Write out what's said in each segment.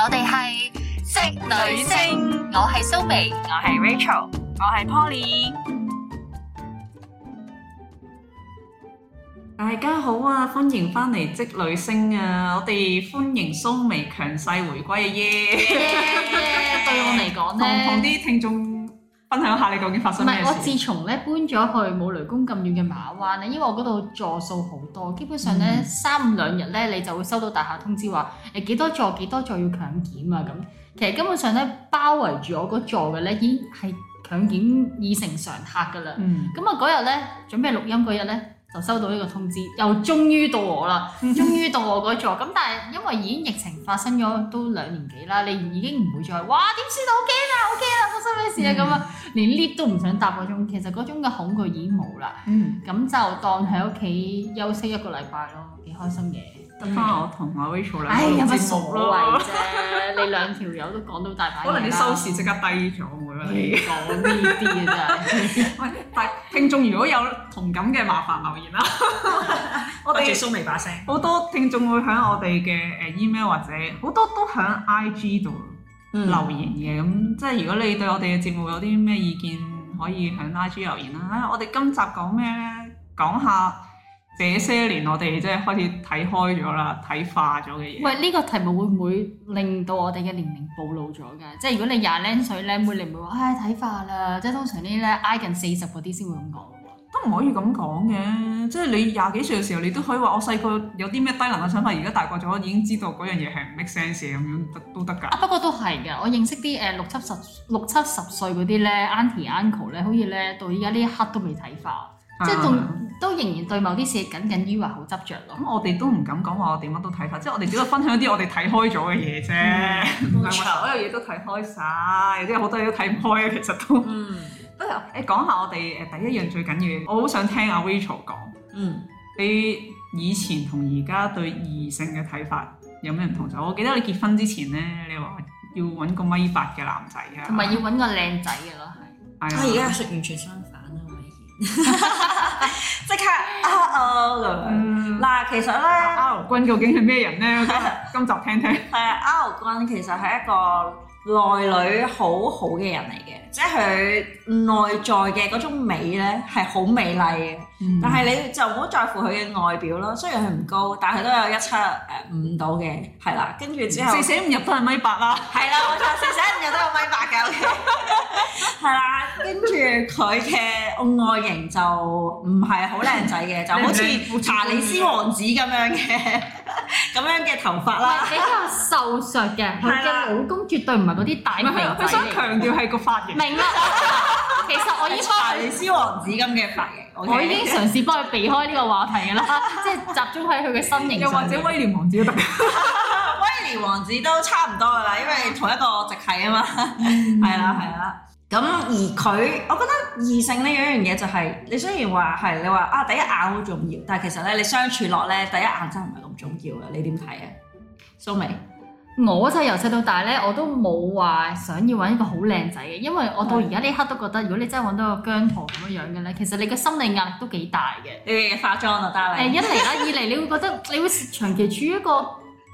我哋係職女聲，我係蘇眉，我係 Rachel，我係 Poly。大家好啊，歡迎翻嚟職女聲啊！我哋歡迎蘇眉強勢回歸啊！對我嚟講咧，同啲聽眾。分享下你究竟發生咩事？唔係，我自從咧搬咗去冇雷公咁遠嘅馬灣咧，因為我嗰度座數好多，基本上咧，三五兩日咧你就會收到大廈通知話，誒，幾多座幾多座要強檢啊咁。其實根本上咧包圍住我嗰座嘅咧已經係強檢已成常客㗎啦。嗯。咁啊嗰日咧準備錄音嗰日咧。就收到呢個通知，又終於到我啦，終於、嗯、到我嗰座。咁但係因為已經疫情發生咗都兩年幾啦，你已經唔會再哇點算？好驚啊，好驚啊！發生咩事啊咁啊，連 lift 都唔想搭嗰種。其實嗰種嘅恐懼已經冇啦。嗯，咁就當喺屋企休息一個禮拜咯，幾開心嘅。得翻、啊、我同阿 Rachel 坐兩套節目咯，啫 你兩條友都講到大把，可能你收視即刻低咗，我覺得講呢啲啊，喂， 但聽眾如果有同感嘅，麻煩留言啦。 我哋收微把聲，好多聽眾會響我哋嘅誒 email 或者好多都響 IG 度留言嘅，咁、嗯、即係如果你對我哋嘅節目有啲咩意見，嗯、可以響 IG 留言啦。 我哋今集講咩？講下。這些年我哋即係開始睇開咗啦，睇化咗嘅嘢。喂，呢、這個題目會唔會令到我哋嘅年齡暴露咗㗎？即係如果你廿零歲咧，每年會唔會話唉睇化啦？即係通常呢咧挨近四十嗰啲先會咁講㗎都唔可以咁講嘅，即係你廿幾歲嘅時候，你都可以話我細個有啲咩低能嘅想法，而家大個咗已經知道嗰樣嘢係唔 make sense 咁樣，得都得㗎。啊，不過都係㗎，我認識啲誒、呃、六七十六七十歲嗰啲咧 Auntie Uncle 咧，Auntie, Uncle, 好似咧到依家呢一刻都未睇化。即係仲都仍然對某啲事緊緊於話好執着咯、啊嗯。咁、就是、我哋都唔敢講話我哋乜都睇法，即、就、係、是、我哋只係分享啲我哋睇開咗嘅嘢啫。冇錯、 嗯，所有嘢都睇開晒，即係好多嘢都睇唔開啊。其實都嗯，不如、嗯、誒講下我哋誒第一樣最緊要，嗯、我好想聽阿 Rachel 講。嗯，你以前同而家對異性嘅睇法有咩唔同？就我記得你結婚之前咧，你話要揾個米八嘅男仔、嗯、啊，同埋要揾個靚仔嘅咯，係。係啊，而家係完全相。即 刻阿歐咁樣嗱，oh. uh, 其實呢，阿歐君究竟係咩人呢？今日 今集聽聽、uh。啊，阿歐君其實係一個，內裏好好嘅人嚟嘅，即係佢內在嘅嗰種美咧係好美麗嘅，嗯、但係你就唔好在乎佢嘅外表咯。雖然佢唔高，但佢都有一七誒五到嘅，係啦。跟住之後四捨五入都係米八啦，係啦，我話四捨五入都係米八嘅，係啦。 跟住佢嘅外形就唔係好靚仔嘅， 就好似查理斯王子咁樣嘅。 咁樣嘅頭髮啦，比較瘦削嘅，佢嘅 對啦 老公絕對唔係嗰啲大乜鬼嚟。佢想強調係個髮型。明啦，其實我依家係查理斯王子嘅髮型，okay? 我已經嘗試幫佢避開呢個話題 對啦， 即係集中喺佢嘅身形上又 或者威廉王子都得，威廉王子都差唔多噶啦，因為同一個直系啊嘛，係啦係啦。咁而佢，我覺得異性呢樣嘢就係、是，你雖然話係你話啊第一眼好重要，但係其實咧你相處落咧第一眼真係唔係咁重要嘅，你點睇啊？蘇眉，我就係由細到大咧，我都冇話想要搵一個好靚仔嘅，因為我到而家呢刻都覺得，如果你真係搵到個姜濤咁樣樣嘅咧，其實你嘅心理壓力都幾大嘅。你嘅化妝就得喇。誒一嚟啦，二嚟你會覺得，你會長期處於一個。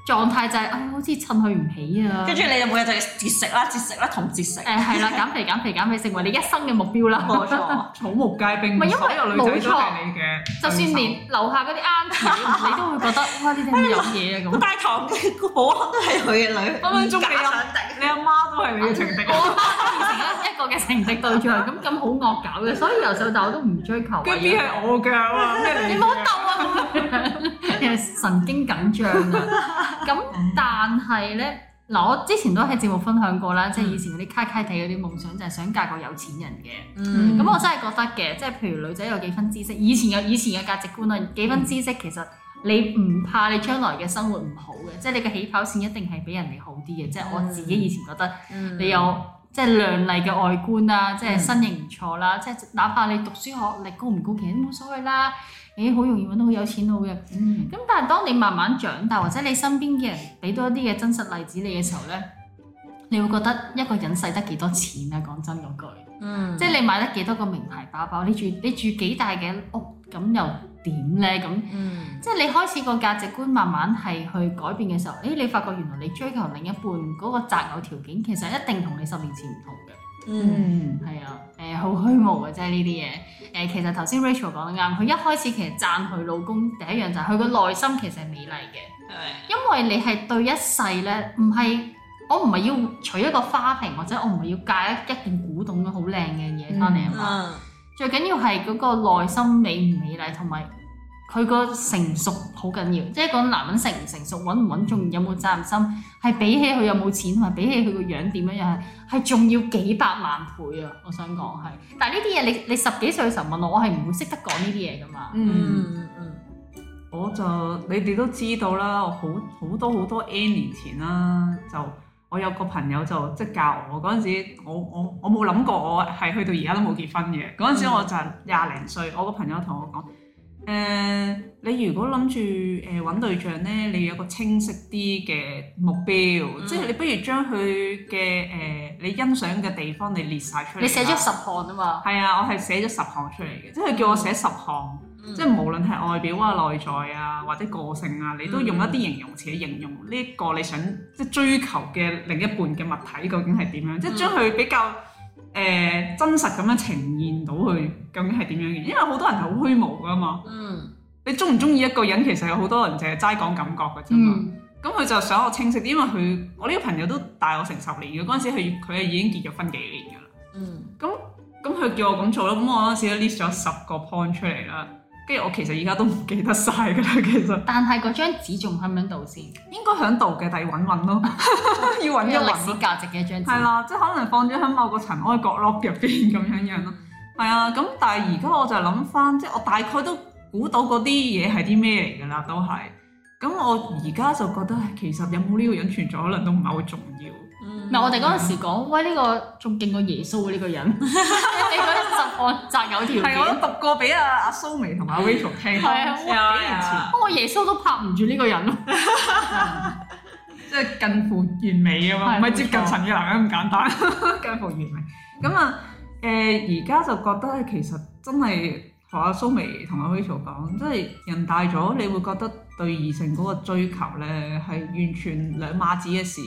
狀態就係啊，好似襯佢唔起啊，跟住你就每日就要節食啦、節食啦同節食。誒係啦，減肥減肥減肥成為你一生嘅目標啦。冇錯，草木皆兵。唔係因為女仔都係你嘅，就算連樓下嗰啲阿媽，你都會覺得哇！呢啲咁嘅嘢啊咁。大堂嘅保安都係佢嘅女。咁樣仲俾人你阿媽都係佢嘅情敵，變成一一個嘅情敵對象，咁咁好惡搞嘅。所以由細到大我都唔追求。嗰啲係我嘅啊嘛，你唔好鬥啊！係神經緊張啊！咁 但係咧，嗱我之前都喺節目分享過啦，即係以前嗰啲卡卡地嗰啲夢想就係想嫁個有錢人嘅。咁、嗯、我真係覺得嘅，即係譬如女仔有幾分知識，以前有以前嘅價值觀啦，幾分知識其實你唔怕你將來嘅生活唔好嘅，即係你嘅起跑線一定係比人哋好啲嘅。即係、嗯、我自己以前覺得，你有即係亮麗嘅外觀啦，嗯、即係身形唔錯啦，嗯、即係哪怕你讀書學歷高唔高其實都冇所謂啦。誒好、欸、容易揾到好有錢佬嘅，咁、嗯、但係當你慢慢長大，或者你身邊嘅人俾多一啲嘅真實例子你嘅時候咧，你會覺得一個人使得幾多錢啊？講真嗰句，嗯、即係你買得幾多個名牌包包，你住你住幾大嘅屋，咁又點咧？咁，嗯、即係你開始個價值觀慢慢係去改變嘅時候，誒、欸、你發覺原來你追求另一半嗰、那個擇偶條件，其實一定同你十年前唔同嘅。嗯，係啊，誒、呃、好虛無嘅，即係呢啲嘢。誒，其實頭先 Rachel 講得啱，佢一開始其實讚佢老公第一樣就係佢個內心其實係美麗嘅。因為你係對一世咧，唔係我唔係要娶一個花瓶，或者我唔係要嫁一一件古董嘅好靚嘅嘢翻嚟啊嘛。最緊要係嗰個內心美唔美麗，同埋。佢個成熟好緊要，即係講男人成唔成熟，穩唔穩重，有冇責任心，係比起佢有冇錢，同埋比起佢個樣點樣樣，係係仲要幾百萬倍啊！我想講係，嗯、但係呢啲嘢，你你十幾歲嘅時候問我，我係唔會識得講呢啲嘢㗎嘛。嗯嗯我就你哋都知道啦，好多好多好多 N 年前啦，就我有個朋友就即係教我嗰陣時我，我我我冇諗過，我係去到而家都冇結婚嘅嗰陣時，我就廿零歲，我個朋友同我講。誒、呃，你如果諗住誒揾對象咧，你要有個清晰啲嘅目標，嗯、即係你不如將佢嘅誒你欣賞嘅地方你列晒出嚟。你寫咗十項啊嘛？係啊，我係寫咗十項出嚟嘅，即係佢叫我寫十項，嗯、即係無論係外表啊、內在啊，或者個性啊，你都用一啲形容詞去形容呢一個你想即係追求嘅另一半嘅物體究竟係點樣，嗯、即係將佢比較。誒、呃、真實咁樣呈現到佢究竟係點樣嘅，因為好多人係好虛無噶嘛。嗯，你中唔中意一個人，其實有好多人淨係齋講感覺噶啫嘛。咁佢、嗯、就想我清晰啲，因為佢我呢個朋友都大我成十年嘅，嗰陣時佢佢係已經結咗婚幾年噶啦。嗯，咁咁佢叫我咁做咯，咁我嗰陣時都 list 咗十個 point 出嚟啦。跟住我其實而家都唔記得晒㗎啦，其實但張紙。但係嗰張紙仲喺唔喺度先？應該喺度嘅，但係揾揾咯，要揾一揾咯。歷史價值嘅張紙。係啦，即係可能放咗喺某個塵埃角落入邊咁樣樣咯。係啊，咁但係而家我就諗翻，即係我大概都估到嗰啲嘢係啲咩嚟㗎啦，都係。咁我而家就覺得其實有冇呢個人存在，可能都唔係好重要。 嗯 嗱、嗯這個，我哋嗰陣時講，喂，呢個仲勁過耶穌嘅呢個人，你嗰集案集有條片讀過俾阿阿蘇眉同阿 Rachel 聽，係啊，幾年前，不過、哦、耶穌都拍唔住呢個人咯，嗯、即係近乎完美啊嘛，唔係接近神嘅男人咁簡單，近乎完美咁啊。誒，而、呃、家就覺得其實真係同阿蘇眉同阿 Rachel 講，即、就、係、是、人大咗，你會覺得對異性嗰個追求咧，係完全兩碼子嘅事。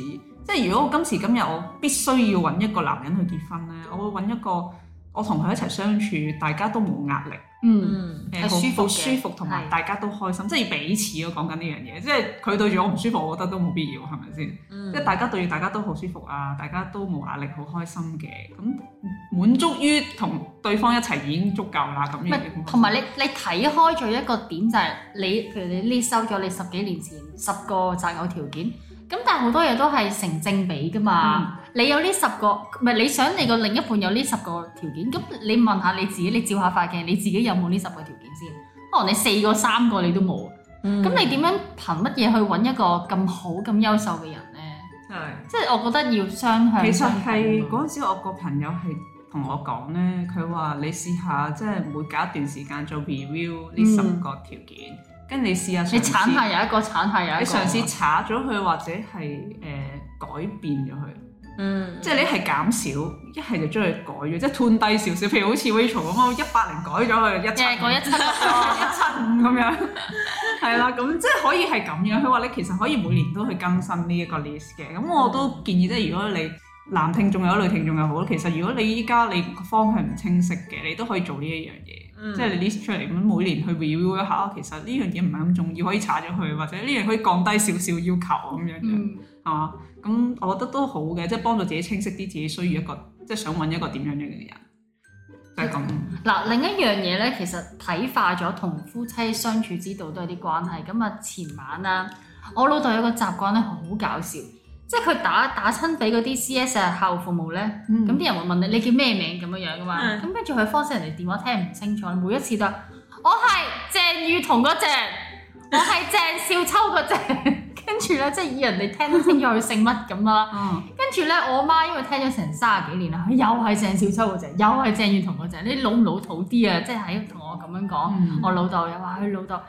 即係如果我今時今日我必須要揾一個男人去結婚咧，我會揾一個我同佢一齊相處，大家都冇壓力，嗯，是舒服舒服，同埋大家都開心，是即係彼此咯。講緊呢樣嘢，即係佢對住我唔舒服，嗯、我覺得都冇必要，係咪先？嗯、即係大家對住大家都好舒服啊，大家都冇壓力，好開心嘅，咁滿足於同對方一齊已經足夠啦。咁唔同埋你你睇開咗一個點就係、是、你，譬如你 list 收咗你十幾年前十個擇偶條件。咁但係好多嘢都係成正比噶嘛，嗯、你有呢十個，唔係你想你個另一半有呢十個條件，咁你問下你自己，你照下塊鏡，你自己有冇呢十個條件先？可、哦、能你四個三個你都冇，咁、嗯、你點樣憑乜嘢去揾一個咁好咁優秀嘅人呢？是即係，即係我覺得要雙向相向。其實係嗰陣時，我個朋友係同我講呢，佢話你試下即係每隔一段時間做 review 呢十個條件。嗯跟住你試下，你剷下有一個，剷下有一你嘗試查咗佢，或者係誒、呃、改變咗佢，嗯，即係你係減少，一係就將佢改咗，即係褪低少少。譬如好似 Rachel 咁啊，一百零改咗佢一,一， 一七個一七五咁樣，係 啦， 咁即係可以係咁樣。佢話你其實可以每年都去更新呢一個 list 嘅。咁我都建議咧，嗯、如果你男聽眾有，女聽眾又好，其實如果你依家你方向唔清晰嘅，你都可以做呢一樣嘢。嗯、即係你 list 出嚟咁，每年去 review 一下，其實呢樣嘢唔係咁重要，可以炒咗佢，或者呢樣可以降低少少要求咁樣嘅，係嘛、嗯？咁我覺得都好嘅，即係幫助自己清晰啲，自己需要一個，即係想揾一個點樣樣嘅人，就係咁。嗱、嗯，另一樣嘢咧，其實睇化咗同夫妻相處之道都有啲關係。咁啊，前晚啦，我老豆有個習慣咧，好搞笑。即係佢打打親俾嗰啲 CS 客戶服務咧，咁啲、嗯、人會問你你叫咩名咁樣樣噶嘛？咁跟住佢方式人哋電話聽唔清楚，每一次都話我係鄭裕彤嗰隻，我係鄭、那個、鄭少秋嗰隻、那個，跟住咧即係以人哋聽得清楚佢姓乜咁啦。跟住咧我媽因為聽咗成三十幾年啦，又係鄭少秋嗰隻、那個，又係鄭裕彤嗰隻、那個，你老唔老土啲啊？即係喺同我咁樣講，嗯、 我老豆又話佢老豆。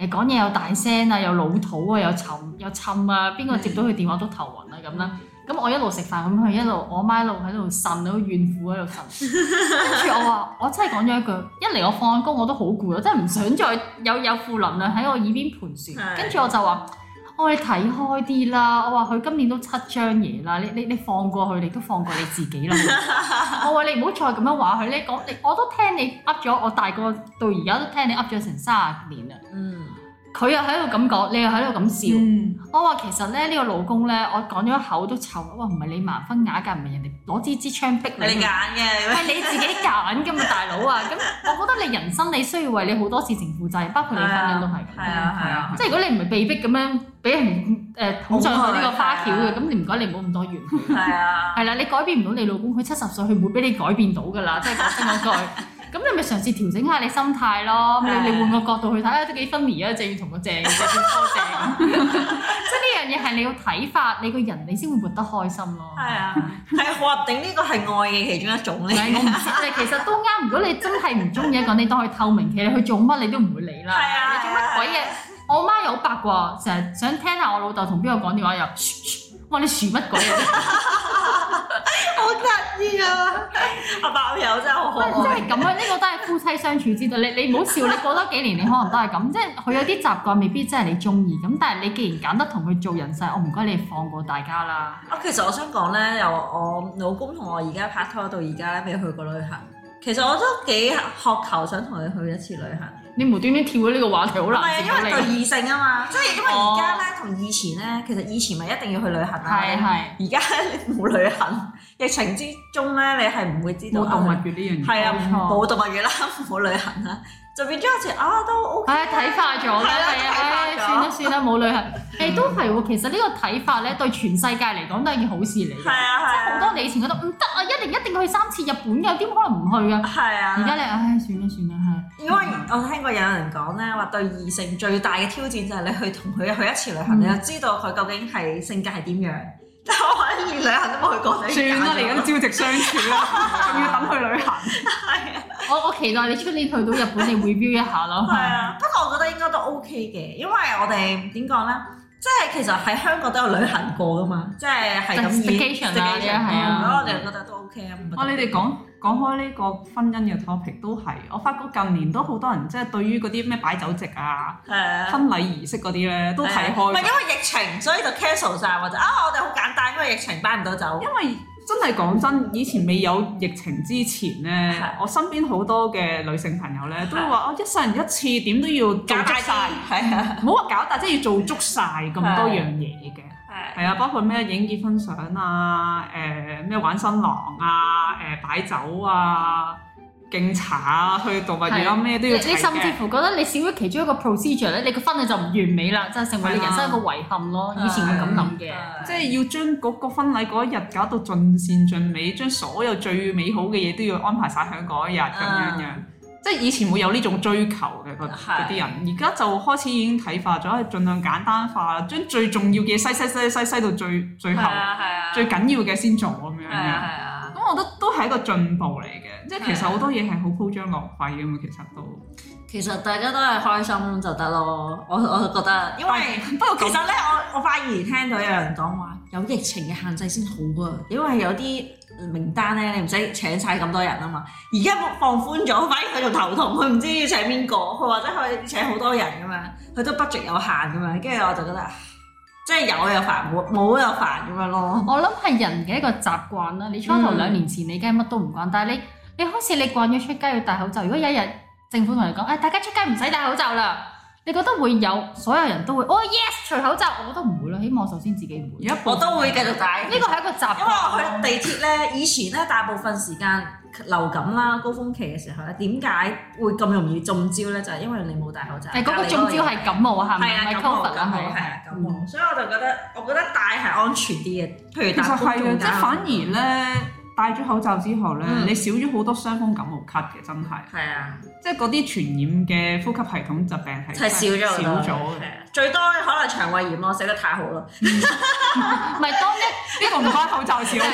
誒講嘢又大聲啊，又老土啊，又沉又沉啊，邊個接到佢電話都頭暈啊咁啦。咁、嗯嗯嗯、我一路食飯咁佢一路我媽一路喺度呻，個怨婦喺度呻。跟住 我話：我真係講咗一句，一嚟我放工我都好攰，真係唔想再有有負能量喺我耳邊盤旋。跟住 我就話、哦：我話你睇開啲啦。我話佢今年都七張嘢啦，你你你放過去，你都放過你自己啦。 我話你唔好再咁樣話佢，你講你我都聽你噏咗，我大個到而家都聽你噏咗成三十年啦。嗯嗯佢又喺度咁講，你又喺度咁笑。嗯、我話其實咧，呢、呢個老公咧，我講咗口都臭。我話唔係你盲婚啞嫁，唔係人哋攞支支槍逼你。你揀嘅，係你，你自己揀嘅嘛， 大佬啊！咁我覺得你人生你需要為你好多事情負責，包括你婚姻都係。係啊係啊，啊啊啊即係如果你唔係被逼咁樣俾人誒捅、呃、上去呢個花橋嘅，咁你唔該你唔好咁多怨。係啊。係啦，你改變唔到你老公，佢七十歲，佢唔會俾你改變到㗎啦。即係講真嗰句。 咁你咪嘗試調整下你心態咯，你你換個角度去睇都幾分別啊，正要同個正，多正。即係呢樣嘢係你要睇法，你個人你先會活得開心咯。係啊，係確定呢個係愛嘅其中一種咧。就其實都啱。如果你真係唔中意一個，你當佢透明嘅，你去做乜你都唔會理啦。係啊，你做乜鬼嘢？我媽有白喎，成日想聽下我老豆同邊個講電話，又，我話你樹乜鬼嘢啫。 好得意啊！阿男友真係好好，即係咁樣，呢個都係夫妻相處之道。 你你唔好笑，你過多幾年你可能都係咁，即係佢有啲習慣未必真係你中意。咁但係你既然揀得同佢做人世，我唔該你放過大家啦。啊，其實我想講咧，由我老公同我而家拍拖到而家咧，未去過旅行。其實我都幾渴求想同佢去一次旅行。你無端端跳咗呢個話題，好難。唔係啊，因為對異性啊嘛，所以因為而家咧同以前咧，其實以前咪一定要去旅行啦。係係。而家冇旅行，疫情之中咧，你係唔會知道。冇動物園呢樣嘢。係啊，冇動物園啦，冇旅行啦，就變咗一似啊都 O K 睇化咗啦，係啊，唉，算啦算啦，冇旅行。誒都係其實呢個睇法咧，對全世界嚟講都係件好事嚟。係啊係啊。好多你以前覺得唔得啊，一年一定去三次日本，點可能唔去噶。係啊。而家你，唉，算啦算啦，係。因為我聽過有人講咧，話對異性最大嘅挑戰就係你去同佢去一次旅行，你就知道佢究竟係性格係點樣。但係我一年旅行都冇去過，算啦，你咁朝夕相處啦，仲要等去旅行。係我我期待你今年去到日本，你回標一下咯。係啊，不過我覺得應該都 OK 嘅，因為我哋點講咧，即係其實喺香港都有旅行過噶嘛，即係係咁樣。係啊係啊，我哋覺得都 OK。哦，你哋講。講開呢個婚姻嘅 topic 都係，我發覺近年都好多人即係對於嗰啲咩擺酒席啊、啊婚禮儀式嗰啲咧都睇開。唔係、啊、因為疫情，所以就 cancel 晒，或者啊我哋好簡單，因為疫情擺唔到酒。因為真係講真，以前未有疫情之前咧，啊、我身邊好多嘅女性朋友咧都會話：我、啊啊、一生人一次點都要做搞晒，唔好話搞大，即、就、係、是、要做足晒咁多樣嘢嘅。係 Yeah, Yeah. 啊，包括咩影結婚相啊，誒咩玩新郎啊，誒、呃、擺酒啊，敬茶啊，去度蜜月啊，咩 Yeah. 都要，你甚至乎覺得你少咗其中一個 procedure 咧、mm，hmm. 你個婚禮就唔完美啦，Yeah. 就成為你人生一個遺憾咯。Yeah. 以前係咁諗嘅，yeah. Yeah. 即係要將嗰個婚禮嗰一日搞到盡善盡美，將 Yeah. 所有最美好嘅嘢都要安排晒喺嗰一日咁樣樣。Yeah. uh. 即係以前會有呢種追求嘅嗰啲人，而家對、啊、就開始已經睇化咗，係儘量簡單化啦，將最重要嘅嘢篩篩篩到最最後對啊對啊最緊要嘅先做咁樣。咁、啊啊、我覺得都係一個進步嚟嘅，即係其實好多嘢係好鋪張浪費㗎嘛，其實都對、啊、其實大家都係開心就得咯。我我覺得，因為對不過 其實咧，我我反而聽到有人講話對、啊、有疫情嘅限制先好啊，因為有啲。名單咧，你唔使請晒咁多人啊嘛！而家放寬咗，反而佢仲頭痛，佢唔知要請邊個，佢或者佢請好多人咁樣，佢都不 u 有限咁樣，跟住我就覺得，即係有又煩，冇冇又煩咁樣咯。我諗係人嘅一個習慣啦。你初頭兩年前、嗯、你梗係乜都唔慣，但係你你好似你慣咗出街要戴口罩，如果有一日政府同你講，誒、哎、大家出街唔使戴口罩啦。你覺得會有，所有人都會。哦，yes，除口罩，我覺得唔會咯。希望我首先自己唔會。我都會繼續戴。呢個係一個習慣。因為我去地鐵咧， 以前咧，大部分時間流感啦，高峰期嘅時候咧，點解會咁容易中招咧？就係、是、因為你冇戴口罩。誒，嗰個中招係感冒啊，係咪 comfort, 冒？係啊，感冒。所以我就覺得，我覺得戴係安全啲嘅。譬如，戴係費即係反而咧。嗯戴咗口罩之後咧，嗯、你少咗好多傷風感冒咳嘅，真係。係是啊，即係嗰啲傳染嘅呼吸系統疾病係少咗嘅。最多可能腸胃炎咯，食得太好咯、嗯。 唔係當一呢個唔開口罩少嘅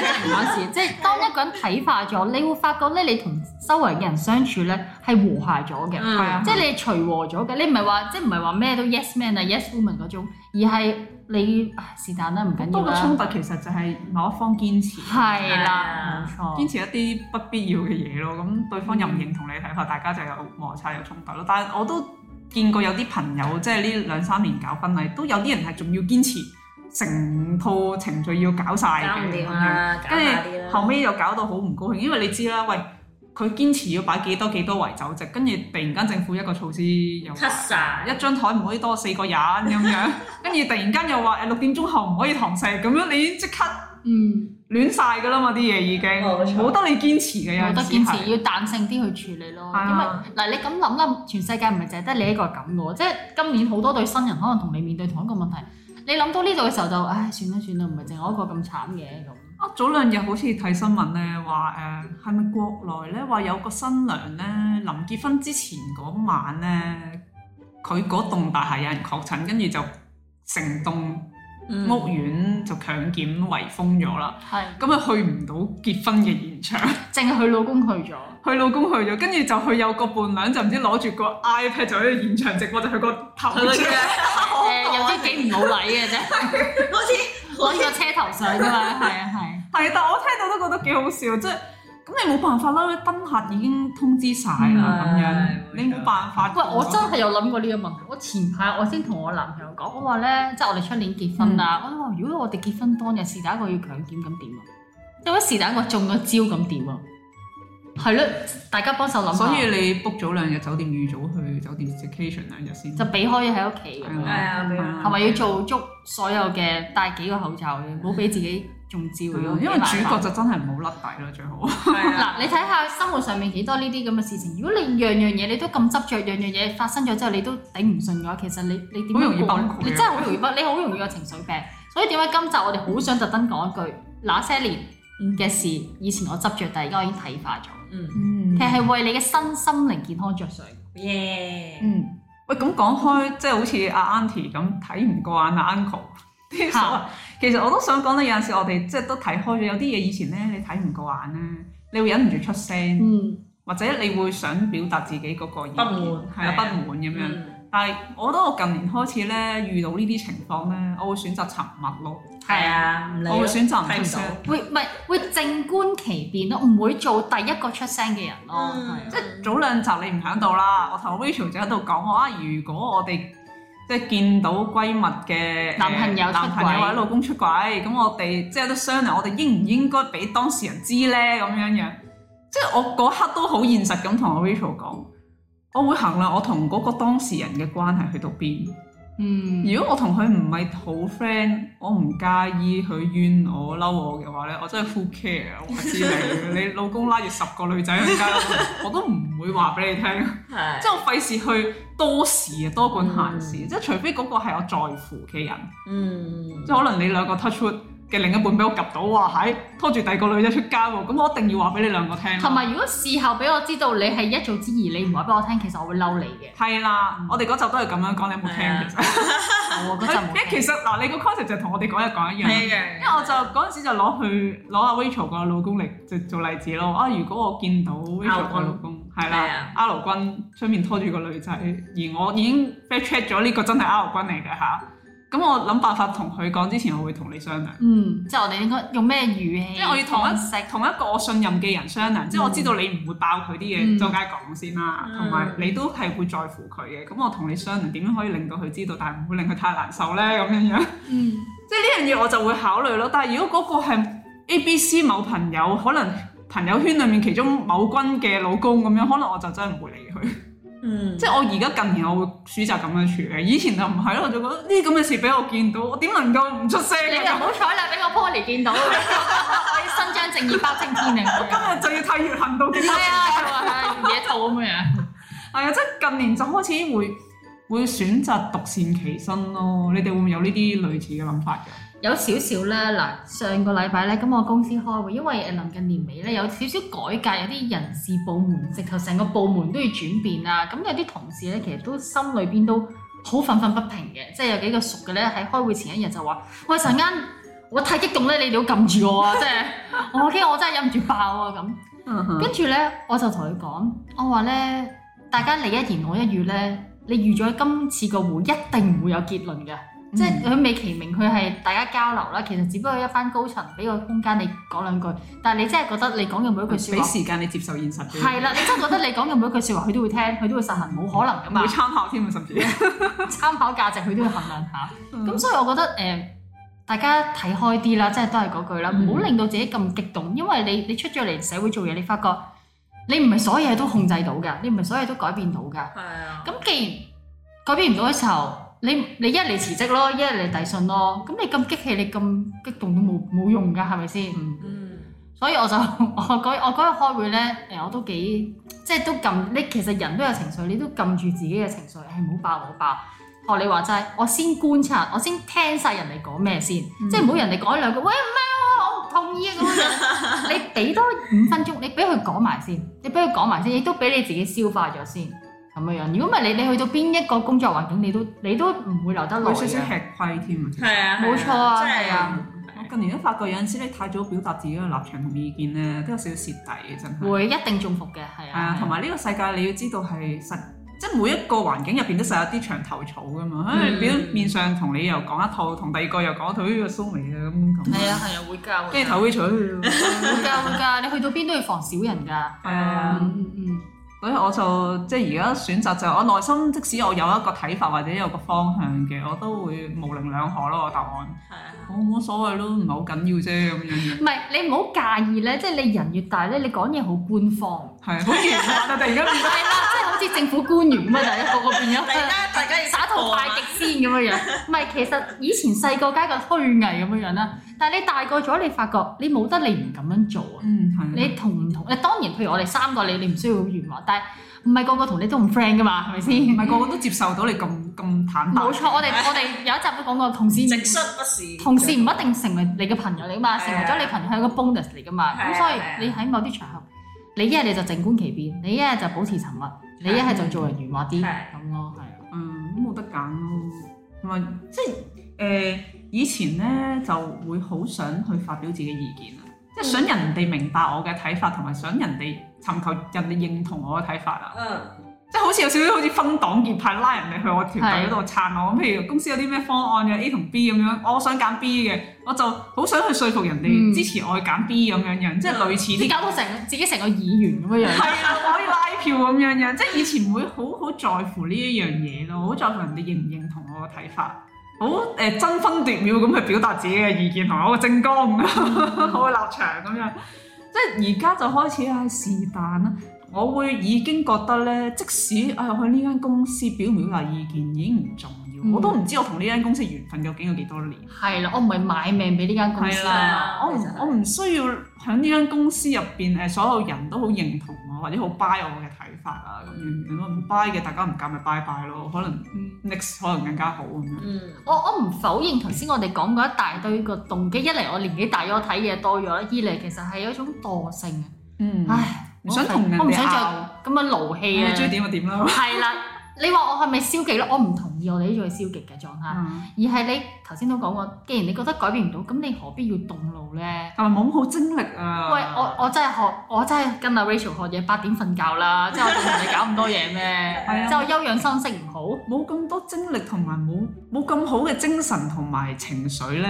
事，即係 當一個人體化咗，你會發覺咧，你同周圍嘅人相處咧係和諧咗嘅、嗯是啊，即係你係隨和咗嘅。你唔係話即係唔係話咩都 yes man 啊 yes woman 嗰種，而係。你係是但啦，唔緊要啦。咁個衝突其實就係某一方堅持，係啦，冇錯，堅持一啲不必要嘅嘢咯。咁對方又唔認同你嘅睇法，嗯、大家就有摩擦、有衝突咯。但係我都見過有啲朋友即係呢兩三年搞婚禮，都有啲人係仲要堅持成套程序要搞曬，搞唔掂啊！跟住後屘又搞到好唔高興，因為你知啦，喂。佢堅持要擺幾多幾多圍酒席，跟住突然間政府一個措施又 cut 晒，一張台唔可以多四個人咁樣，跟住 突然間又話誒六點鐘後唔可以堂食，咁樣你即刻亂嗯亂晒噶啦嘛啲嘢已經，冇、嗯、得你堅持嘅，冇得，得堅持，要彈性啲去處理咯。啊、因為嗱你咁諗啦，全世界唔係淨係得你一個咁嘅喎，即係今年好多對新人可能同你面對同一個問題。你諗到呢度嘅時候就，唉，算啦算啦，唔係淨係我一個咁慘嘅咁。早兩日好似睇新聞咧，話誒，呃，係咪國內咧話有個新娘咧，臨結婚之前嗰晚咧，佢嗰棟大廈有人確診，跟住就成棟屋苑就強檢圍封咗啦，咁佢是去唔到結婚嘅現場，淨係佢老公去咗，佢老公去咗，跟住就佢有個伴娘就唔知攞住個 iPad 就喺度現場直播，就去個頭有啲幾唔老禮嘅啫，好似攞住個車頭相㗎嘛，係啊係，係 但係我聽到都覺得幾好笑，即係。嗯咁你冇辦法啦，賓客已經通知晒啦，是你冇辦法。喂錯，我真係有諗過呢個問題。我前排我先同我男朋友講，我話咧，即係我哋出年結婚啊。嗯、我話如果我哋結婚當日是但一個要強檢，咁點啊？即係如果是但一個中咗招，咁點啊？係咯，大家幫手諗。所以你 book 咗兩日酒店預早去酒店 situation 兩日先，就避開咗喺屋企。係咪了了要做足所有嘅戴幾個口罩嘅，唔好俾自己。仲知會，因為主角就真係唔好甩底咯，最好。嗱、啊， 你睇下生活上面幾多呢啲咁嘅事情，如果你樣樣嘢你都咁執着，樣樣嘢發生咗之後你都頂唔順嘅話，其實你你點？好容易崩潰。你真係好容易 你好容易有情緒病。所以點解今集我哋好想特登講一句、嗯、那些年嘅事，以前我執着，但係而家我已經睇化咗。嗯，嗯其實係為你嘅身心靈健康着想。耶！Yeah. 嗯。喂，咁講開，即、就、係、是、好似阿 Aunty 咁睇唔慣阿 Uncle 呢其實我都想講咧，有陣時我哋即係都睇開咗，有啲嘢以前咧你睇唔過眼咧，你會忍唔住出聲，嗯、或者你會想表達自己個個意見，係啊，不滿咁樣。嗯、但係我覺得我近年開始咧遇到呢啲情況咧，我會選擇沉默咯。係啊、嗯，對會我會選擇唔出聲，會唔係會靜觀其變咯，唔會做第一個出聲嘅人咯。即係早兩集你唔喺度啦，我同 Rachel 就喺度講我話，如果我哋。即係見到閨蜜嘅男朋友，男朋友或者老公出軌，咁我哋即係都商量，我哋應唔應該俾當事人知咧？咁樣樣，即係我嗰刻都好現實咁同阿 Rachel 講，我會衡量我同嗰個當事人嘅關係去到邊。嗯，如果我同佢唔係好 friend，我唔介意佢怨我嬲我嘅話咧，我真係 full care，我知你， 你老公拉住十個女仔去街，我都唔會話俾你聽， 即係我費事去多事啊，多管閒事，嗯、即係除非嗰個係我在乎嘅人，嗯，即係可能你兩個 touch。嘅另一半俾我 𥄫 到，哇！係拖住第二個女仔出街喎，咁我一定要話俾你兩個聽。同埋，如果事後俾我知道你係一早知而你唔話俾我聽，其實我會嬲你嘅。係啦，我哋嗰集都係咁樣講，你有冇聽？其實，其實嗱，你個 concept 就同我哋講嘅講一樣。一樣。因為我就嗰陣時就攞去攞阿 Rachel 個老公嚟做做例子咯。啊，如果我見到 Rachel 個老公係啦，阿劉君出面拖住個女仔，而我已經 fact check 咗呢個真係阿劉君嚟嘅嚇。咁我諗辦法同佢講之前，我會同你商量。嗯，即係我哋應該用咩語氣？即係我要同一同一個信任嘅人商量。嗯、即係我知道你唔會爆佢啲嘢，周街講先啦。同埋你都係會在乎佢嘅。咁、嗯、我同你商量，點、嗯、樣可以令到佢知道，但唔會令佢太難受咧？咁樣樣。嗯，即係呢樣嘢我就會考慮咯。但係如果嗰個係 A、B、C 某朋友，可能朋友圈裏面其中某君嘅老公咁樣，可能我就真係唔會理佢。嗯，即係我而家近年我會選擇咁樣處理，以前就唔係咯，我就覺得呢啲咁嘅事俾我見到，我點能夠唔出聲？你唔好彩你俾我 p o l 見到， 我要伸張正義、包青 天靈， 我今日就要替月行 道。係啊，就話係啊，野兔咁樣。係啊，即係近年就開始會 會選擇獨善其身咯。你哋會唔會有呢啲類似嘅諗法嘅？有少少咧，嗱，上個禮拜咧，咁我公司開會，因為誒臨、呃、近年尾咧，有少少改革，有啲人事部門直頭成個部門都要轉變啊，咁有啲同事咧，其實都心裏邊都好憤憤不平嘅，即係有幾個熟嘅咧，喺開會前一日就話，喂，陣間，我太激動咧，你哋都撳住我啊，即係 我驚、okay，我真係忍唔住爆啊咁。跟住咧，我就同佢講，我話咧，大家你一言我一語咧，你預咗今次個會唔一定會有結論嘅。嗯、即係佢未其名，佢係大家交流啦。其實只不過一班高層俾個空間你講兩句，但係你真係覺得你講嘅每一句説話，俾時間你接受現實。係啦，你真係覺得你講嘅每一句説話，佢都會聽，佢都會實行，冇可能噶嘛。會參考添，甚至 參考價值佢都會衡量下。咁、嗯、所以我覺得誒、呃，大家睇開啲啦，即係都係嗰句啦，唔好令到自己咁激動，因為你你出咗嚟社會做嘢，你發覺你唔係所有嘢都控制到㗎，你唔係所有嘢都改變到㗎。係啊、嗯。咁既然改變唔到嘅時候，你你一嚟辭職咯，一嚟遞信咯，咁你咁激氣，你咁激動都冇冇用㗎，係咪先？嗯。所以我就我嗰、嗰個、我嗰日開會咧，誒我都幾即係都撳你，其實人都有情緒，你都撳住自己嘅情緒，係唔好爆冇爆。學你話齋，我先觀察，我先聽晒人哋講咩先，嗯、即係唔好人哋講兩句，喂唔係、啊、我唔同意咁、啊、樣，啊、 你俾多五分鐘，你俾佢講埋先，你俾佢講埋先，亦都俾你自己消化咗先。咁嘅樣，如果唔係你，你去到邊一個工作環境，你都你都唔會留得耐嘅。少少吃虧添，係啊，冇錯啊，係啊。我近年都發覺有陣時你太早表達自己嘅立場同意見咧，都有少少蝕底嘅真係。會一定中伏嘅，係啊。係啊，同埋呢個世界你要知道係實，即係每一個環境入邊都實有啲牆頭草㗎嘛。唉，表面上同你又講一套，同第二個又講一套，呢個蘇眉啊咁。係啊，係啊，會教。跟住頭尾除。會教會教，你去到邊都要防小人㗎。係啊，嗯嗯。所以我就即係而家選擇就，我內心即使我有一個睇法或者有個方向嘅，我都會模棱兩可咯，個答案。係啊的，我冇所謂咯，唔係好緊要啫咁樣，唔係你唔好介意咧，即係你人越大咧，你講嘢好官方，係好似突然間唔係啦，即係好似政府官員咁啊，就一個個變咗大家要耍套太極先咁樣樣。唔係 其實以前細個街個虛偽咁樣樣啦。但係你大個咗，你發覺你冇得你唔咁樣做啊！你同唔同？誒當然，譬如我哋三個你，你唔需要圓滑，但係唔係個個同你都咁 friend 噶嘛？係咪先？唔係個個都接受到你咁咁坦白。冇錯，我哋 我哋有一集都講過同事。同事唔一定成為你嘅朋友嚟啊嘛，成為咗對、啊、你朋友係一個 bonus 嚟噶嘛。咁對、啊、所以你喺某啲場合，你一係你就靜觀其變，你一係就保持沉默，你一係就做人圓滑啲咁咯，係。嗯，咁冇得揀咯，同埋即係誒。欸以前咧就會好想去發表自己意見啊，即係想人哋明白我嘅睇法，同埋想人哋尋求人哋認同我嘅睇法啦。嗯，即係好似有少少好似分黨結派，拉人哋去我團隊嗰度撐我是譬如公司有啲咩方案嘅 A 同 B 咁樣，我想揀 B 嘅，我就好想去說服人哋支持我揀 B 咁樣樣，即係類似。你搞到成自己成個議員咁樣樣，係啊， 可以拉票咁樣樣，即係以前會好好在乎呢一樣嘢咯，好在乎人哋認唔認同我嘅睇法。好、呃、爭分奪秒咁去表達自己嘅意見同我嘅政綱，我嘅、嗯、 立場咁樣，嗯、即係而家就開始係是但啦。我會已經覺得咧，即使啊去呢間公司表唔表達意見已經唔重要。我都唔知我同呢間公司緣分究竟有幾多年。係啦，我唔係買命俾呢間公司啊！我唔其實我唔需要喺呢間公司入邊誒，所有人都好認同我，或者好 buy 我嘅睇法啊咁樣。咁如果唔 buy 嘅大家唔夾咪拜拜咯？可能 next 可能更加好咁樣。嗯，我我唔否認頭先我哋講過一大堆個動機，一嚟我年紀大咗睇嘢多咗，二嚟其實係有一種惰性啊。嗯，唉，唔想同我唔想拗、嗯，咁樣勞氣啊。你中意點就點啦。係啦。你話我係咪消極囉？我唔同意，我哋呢種係消極嘅狀態，嗯、而係你頭先都講過，既然你覺得改變唔到，咁你何必要動怒呢？同埋冇咁好精力啊！喂，我我真係學，我真係跟阿 Rachel 學嘢，八點瞓覺啦，即係我同你搞咁多嘢咩？ 即係我休養生息唔好，冇咁多精力同埋冇冇咁好嘅精神同埋情緒呢，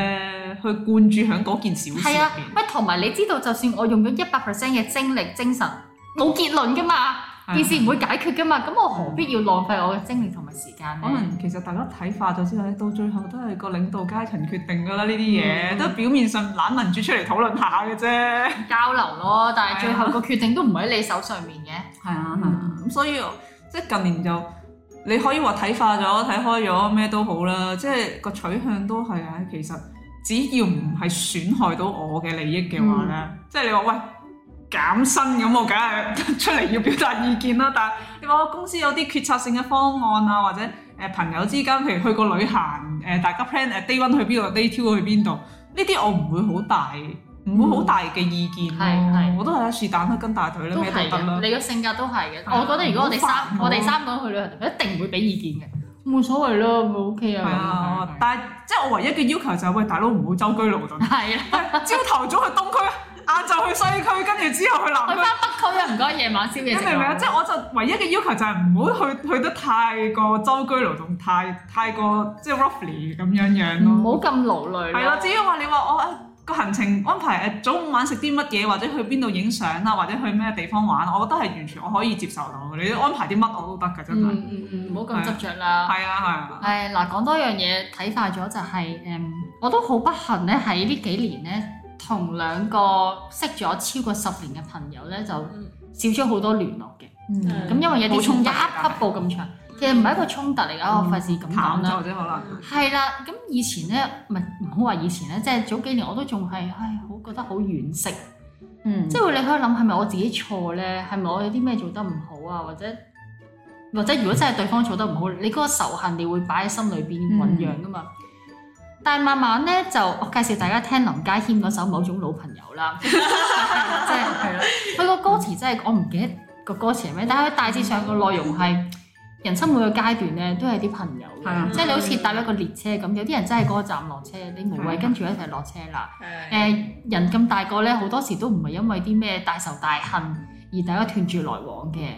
去灌注喺嗰件小事。係啊，喂，同埋你知道，就算我用咗一百 percent 嘅精力、精神，冇結論噶嘛。 件、啊、事唔會解決噶嘛，咁我何必要浪費我嘅精力同埋時間、嗯、可能其實大家睇化咗之後，到最後都係個領導階層決定噶啦，呢啲嘢都表面上懶民主出嚟討論下嘅啫，嗯嗯、交流咯。但係最後個決定、啊、都唔喺你手上面嘅。係啊、嗯，係啊、嗯。咁、嗯、所以即係近年就你可以話睇化咗、睇開咗咩都好啦，即係個取向都係啊。其實只要唔係損害到我嘅利益嘅話咧，嗯、即係你話喂。減薪咁我梗係出嚟要表達意見啦，但係你話我公司有啲決策性嘅方案啊，或者誒朋友之間，譬如去個旅行，誒大家 plan 誒 day one 去邊度，day two 去邊度，呢啲我唔會好大，唔會好大嘅意見咯。我都係一時旦得跟大隊啦。都係嘅，你嘅性格都係嘅。我覺得如果我哋三我哋三個去旅行，一定唔會俾意見嘅。冇所謂啦，O K 啊。係啊，但係即係我唯一嘅要求就係喂，大佬唔好周居勞頓係啦，朝頭早去東區，就去西區，跟住之後去南區，去翻北區又唔該夜晚宵夜。明唔明啊？即係我就唯一嘅要求就係唔好去去得太過周居勞動，太太過即係 roughly 咁樣樣咯。唔好咁勞累。係咯。至於話你話我個行程安排誒，早午晚食啲乜嘢，或者去邊度影相啊，或者去咩地方玩，我覺得係完全我可以接受到。你安排啲乜我都得㗎，真係。嗯嗯嗯，唔好咁執着啦。係啊係啊。誒嗱，講多樣嘢睇開咗就係誒、嗯，我都好不幸咧，喺呢幾年咧。同兩個識咗超過十年嘅朋友咧，就少咗好多聯絡嘅。咁、嗯嗯、因為有啲衝突，一匹布咁長，嗯、其實唔係一個衝突嚟噶，嗯、我費事咁講啦。或者可能係啦，咁以前咧，唔唔好話以前咧，即係早幾年我都仲係，唉，好覺得好惋惜。嗯，即係你可能諗係咪我自己錯咧？係咪我有啲咩做得唔好啊？或者或者如果真係對方做得唔好，你嗰個仇恨你會擺喺心裏邊醖釀噶嘛？嗯嗯。但係慢慢咧就，我介紹大家聽林家謙嗰首《某種老朋友》啦，即係係咯，佢個歌詞真係我唔記得個歌詞係咩，但係大致上個內容係 人生每個階段咧，都係啲朋友， 即係你好似搭一個列車咁，有啲人真係嗰站落車，你無謂跟住一齊落車啦。誒、 呃、人咁大個咧，好多時都唔係因為啲咩大仇大恨而大家斷絕來往嘅。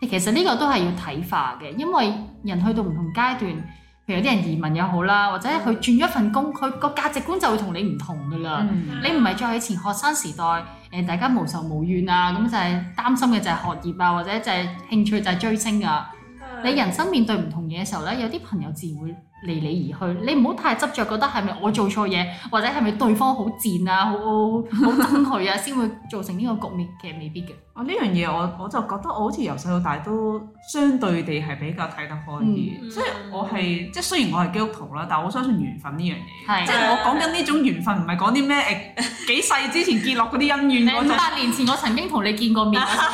其實呢個都係要睇化嘅，因為人去到唔同階段。譬如有啲人移民又好啦，或者佢轉咗份工，佢個價值觀就會同你、嗯、你唔同噶啦。你唔係再喺前學生時代，誒大家無仇無怨啊，咁、嗯、就係擔心嘅就係學業啊，或者就係興趣就係追星啊。嗯、你人生面對唔同嘢嘅時候咧，有啲朋友自然會離你而去。你唔好太執着，覺得係咪我做錯嘢，或者係咪對方好賤啊，好好憎佢啊，先 會造成呢個局面，其實未必嘅。啊！呢樣嘢我我就覺得我好似由細到大都相對地係比較睇得開啲，即係、嗯、我係即係雖然我係基督徒啦，但我相信緣分呢樣嘢，係即係我講緊呢種緣分，唔係講啲咩誒幾世之前結落嗰啲恩怨八 年前我曾經同你見過面嗰種，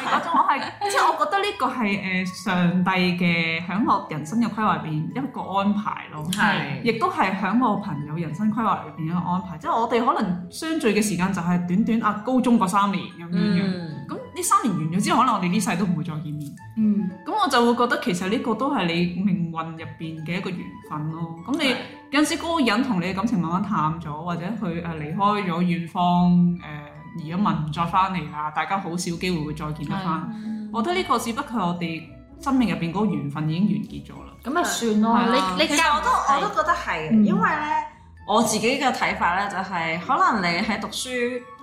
即 係的 我覺得呢個係誒上帝嘅響我人生嘅規劃入邊一個安排咯。係對，亦都係響我朋友人生規劃入邊一個安排。即係我哋可能相聚嘅時間就係短短啊高中嗰三年咁樣樣。嗯呢三年完咗之後，可能我哋呢世都唔會再見面。嗯，咁我就會覺得其實呢個都係你命運入邊嘅一個緣分咯。咁、嗯、你的有陣時嗰個人同你嘅感情慢慢淡咗，或者佢誒離開咗遠方誒移咗民唔再翻嚟啦，大家好少機會會再見得翻。的我覺得呢個只不過我哋生命入邊嗰個緣分已經完結咗啦，咁咪的算咯的了。你你其實我都對我都覺得係，因為咧我自己嘅睇法咧就係、是、可能你喺讀書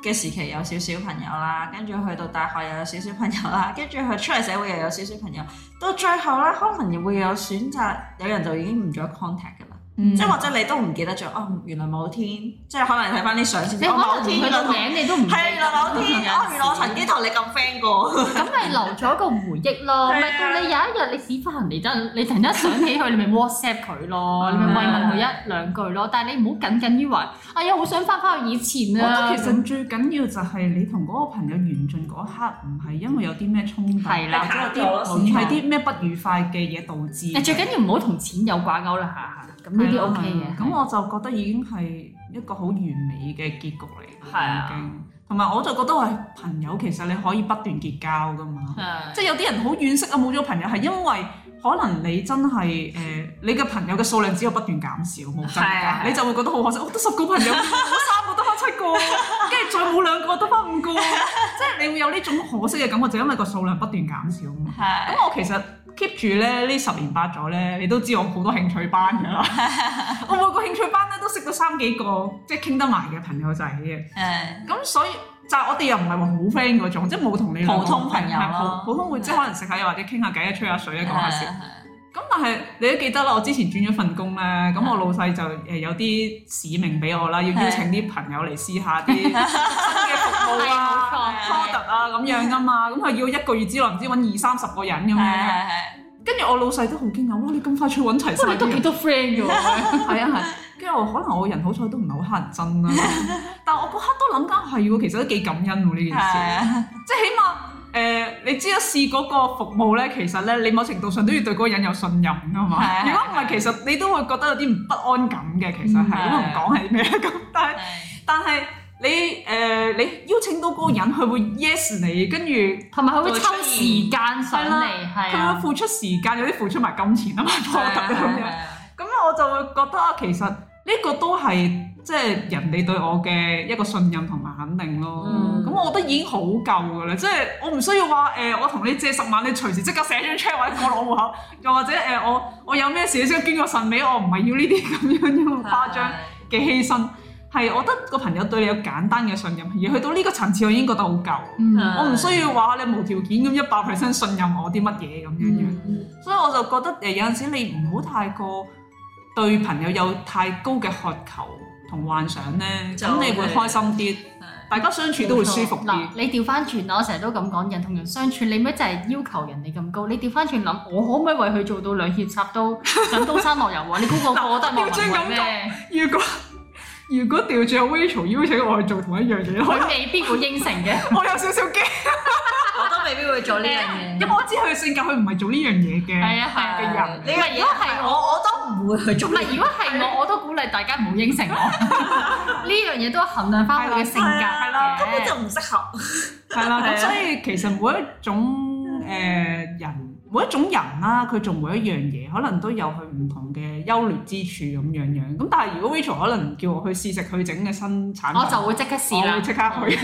嘅時期有少少朋友啦，跟住去到大學又有少少朋友啦，跟住去出嚟社會又有少少朋友，到最後啦，可能會有選擇，有人就已經唔再 contact 嘅。即係或者你都唔記得咗哦，原來某天，即係可能睇翻啲相先。你原來某天，佢個名你都唔係原來某天，哦，原來我曾經同你咁 friend 過，咁咪留咗一個回憶咯。咪到你有一日你屎忽行嚟得，你突然間想起佢，你咪 WhatsApp 佢咯，你咪慰問佢一兩句咯。但係你唔好耿耿於懷，哎呀好想翻返去以前啊！其實最緊要就係你同嗰個朋友緣盡嗰一刻，唔係因為有啲咩衝突，係啦，有啲唔係啲咩不愉快嘅嘢導致。誒最緊要唔好同錢有掛鈎啦，下。咁呢啲 OK 嘅，咁我就覺得已經係一個好完美嘅結局嚟。係啊是的，同埋我就覺得係朋友其實你可以不斷結交噶嘛。是的 即係有啲人好惋惜啊，冇咗朋友，係因為可能你真係誒、呃、你嘅朋友嘅數量只有不斷減少冇增加，是的 你就會覺得好可惜。我、哦、得十個朋友， 我三個都分七個，跟住再冇兩個都分五個， 即係你會有呢種可惜嘅感覺，就因為個數量不斷減少嘛。係，咁我其實。keep 住咧呢十年八載咧，你都知我好多興趣班㗎啦。 我每個興趣班咧都識咗三幾個，即係傾得埋嘅朋友仔嘅。誒，咁所以就我哋又唔係話好 friend 嗰種，即係冇同你普通朋友咯。普通會、啊、即係可能食下嘢或者傾下偈、吹下水啊，講下下笑。 咁但係你都記得啦，我之前轉咗份工咧，咁我老細就誒有啲使命俾我啦，要邀請啲朋友嚟試下啲新嘅服務啦、啊、product 啊咁 樣噶嘛，咁係要一個月之內唔知二三十個人咁樣。跟住 我老細都好驚訝啊，哇！你咁快出揾齊曬都幾多 friend 㗎喎。係啊係。跟住可能我人好彩都唔係好乞人憎啦，但我嗰刻都諗緊係其實都幾感恩呢件事。 即係起碼。誒、呃，你知一試嗰個服務咧，其實咧，你某程度上都要對嗰個人有信任㗎嘛。如果唔係， 對對對其實你都會覺得有啲唔不安感嘅。其實係，唔講係咩咁。但係，但係你誒、呃，你邀請到嗰個人，佢、嗯、會 yes 你，跟住同埋佢會抽時間上嚟，佢對會付出時間，有啲付出埋金錢啊嘛。咁樣，咁我就會覺得啊，其實。呢個都係即係人哋對我嘅一個信任同埋肯定咯。咁、嗯、我覺得已經好夠嘅啦，即係我唔需要話誒、呃，我同你借十萬，你隨時即刻寫張 check 或者過落我戶口，又或者誒、呃、我我有咩事你即刻捐個腎畀我，我唔係要呢啲咁樣咁誇張嘅犧牲。係、啊、我覺得個朋友對你有簡單嘅信任，而去到呢個層次，我已經覺得好夠。嗯啊、我唔需要話你無條件咁一百 percent 信任我啲乜嘢咁樣樣。嗯、所以我就覺得誒，有陣時你唔好太過，對朋友有太高嘅渴求同幻想咧，咁、嗯、你會開心啲，是大家相處都會舒服啲。嗱，你調翻轉我成日都咁講，人同人相處，你咪好就係要求人哋咁高。你調翻轉諗，我可唔可以為佢做到兩肋插刀，等刀山落油？你估個個得咁嘅？如果如果，如果調轉 Rachel 邀請我，我去做同一樣嘢，佢未必會應承嘅。 我有少少驚。未必會做呢樣嘢，因為我知佢嘅性格，佢唔係做呢樣嘢嘅。係啊，係嘅人，你話如果係我，我都唔會去做。唔係，如果係我，我都鼓勵大家唔好應承我。呢樣嘢都衡量翻佢嘅性格嘅。根本就唔適合。係啦。咁所以其實每一種誒人，每一種人啦，佢做每一樣嘢，可能都有佢唔同嘅優劣之處咁樣樣。咁但係如果 Rachel 可能叫我去試食佢整嘅新產品，我就會即刻試啦，即刻去。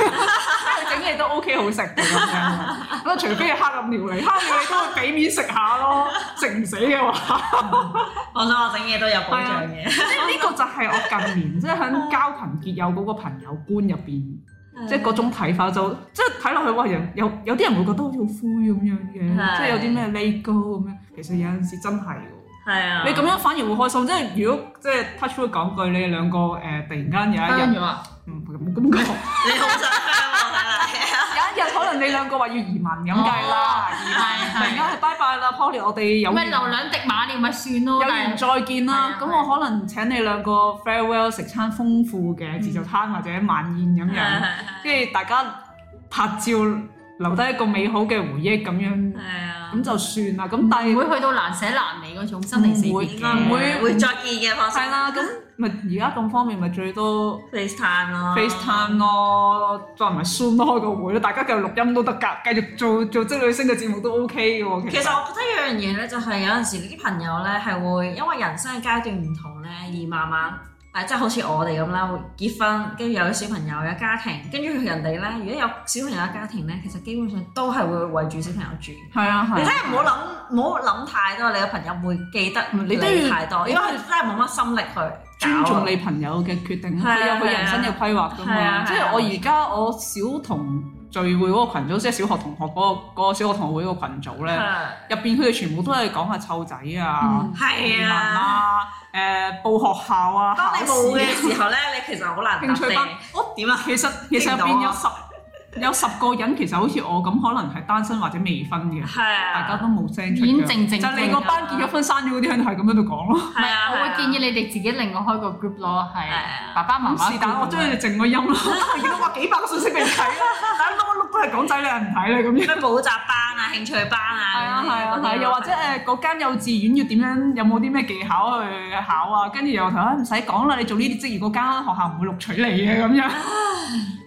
整嘢都 OK，好食咁樣。咁啊，除非係黑暗料理，黑暗料理都會俾面食下咯，食唔死嘅話。我想我整嘢都有保障嘅。即係呢個就係我近年即係喺交朋結友嗰個朋友觀入邊，即係嗰種睇法，就即係睇落去話有有有啲人會覺得好似好灰咁樣嘅，即係有啲咩 lego 咁樣。其實有陣時真係嘅。係啊。你咁樣反而會開心。即係如果即係 touch 咗講句，你哋兩個誒突然間有一日，唔咁講，你好曬。你兩個話要移民咁計啦，係係，而家係拜拜啦，Polly。我哋有咩流兩滴馬尿咪算咯，有緣再見啦。咁我可能請你兩個 farewell 食餐豐富嘅自助餐或者晚宴咁樣，跟住大家拍照留低一個美好嘅回憶咁樣，咁就算啦。咁但係會去到難捨難離嗰種，真係唔會，會會再見嘅，放心啦。咁。咪而家咁方便，咪最多 FaceTime 咯，FaceTime 咯，再唔係 Zoom 開個會咯，大家繼續錄音都得㗎，繼續做做職女聲嘅節目都 OK 嘅。其實,其實我覺得一樣嘢咧，就係、是、有陣時啲朋友咧係會因為人生嘅階段唔同咧而慢慢。誒，即係好似我哋咁啦，結婚跟住有小朋友有家庭，跟住人哋咧，如果有小朋友嘅家庭咧，其實基本上都係會圍住小朋友住。係啊係。你真係唔好諗，唔好諗太多。你嘅朋友會記得你太多，因為佢真係冇乜心力去。尊重你朋友嘅決定，佢有佢人生嘅規劃㗎嘛。即係我而家我少同。聚會嗰個羣組即係小學同學嗰個小學同學會個群組咧，入邊佢哋全部都係講下湊仔啊、移民、嗯、啊、誒報學校啊。當你報嘅時候咧，啊、 你其實好難答。興趣班，哦，點啊？其實其實入面有十。有十個人其實好似我咁，可能係單身或者未婚嘅，大家都冇聲，就你個班結咗婚生咗嗰啲喺度係咁喺度講咯。係啊，我會建議你哋自己另外開個 group 咯，係爸爸媽媽。是但，我中意靜個音咯，而家我幾百個信息俾你睇，但碌一碌都係講仔靚人唔睇咧咁樣。補習班啊，興趣班啊，係啊係啊係，又或者誒嗰間幼稚園要點樣，有冇啲咩技巧去考啊？跟住又同佢唔使講啦，你做呢啲職業嗰間學校唔會錄取你嘅咁樣。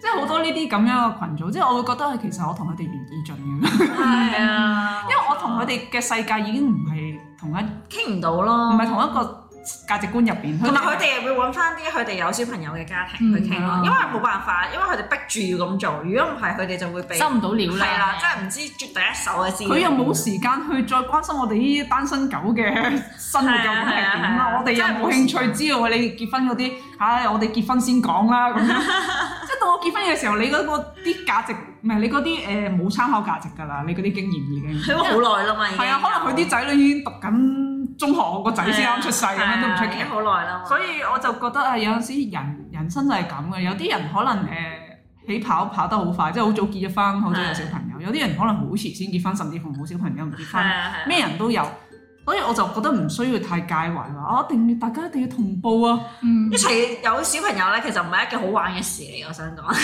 即好多呢啲咁樣一個群組，即我會覺得其實我同佢哋緣已盡嘅。因為我同佢哋嘅世界已經唔係同一，傾唔到咯，唔係同一個。價值觀入邊，同埋佢哋會揾翻啲佢哋有小朋友嘅家庭去傾咯，小 eps 因為冇辦法，因為佢哋逼住要咁做，如果唔係佢哋就會俾收唔到料啦，係啦對，哇真係唔知絕第一手嘅先。佢又冇時間去再關心我哋呢啲單身狗嘅生活係點啦，我哋真係冇興趣知道你結婚嗰啲，唉、啊，我哋結婚先講啦咁，即係 到我結婚嘅時候，你嗰啲價值唔係你嗰啲誒冇參考價值㗎啦，你嗰啲經驗已經好耐啦嘛，已經係啊，可能佢啲仔女已經讀緊。中學我個仔先啱出世，咁樣都唔出奇。好耐啦。所以我就覺得有陣時人人生就係咁嘅，有啲人可能誒、呃、起跑跑得好快，即係好早結咗婚，好早有小朋友；的有啲人可能好遲先結婚，甚至乎冇小朋友唔結婚，咩人都有。所以我就覺得唔需要太介懷我一定要大家一定要同步啊，一齊有小朋友咧，其實唔係一件好玩嘅事嚟。我想講，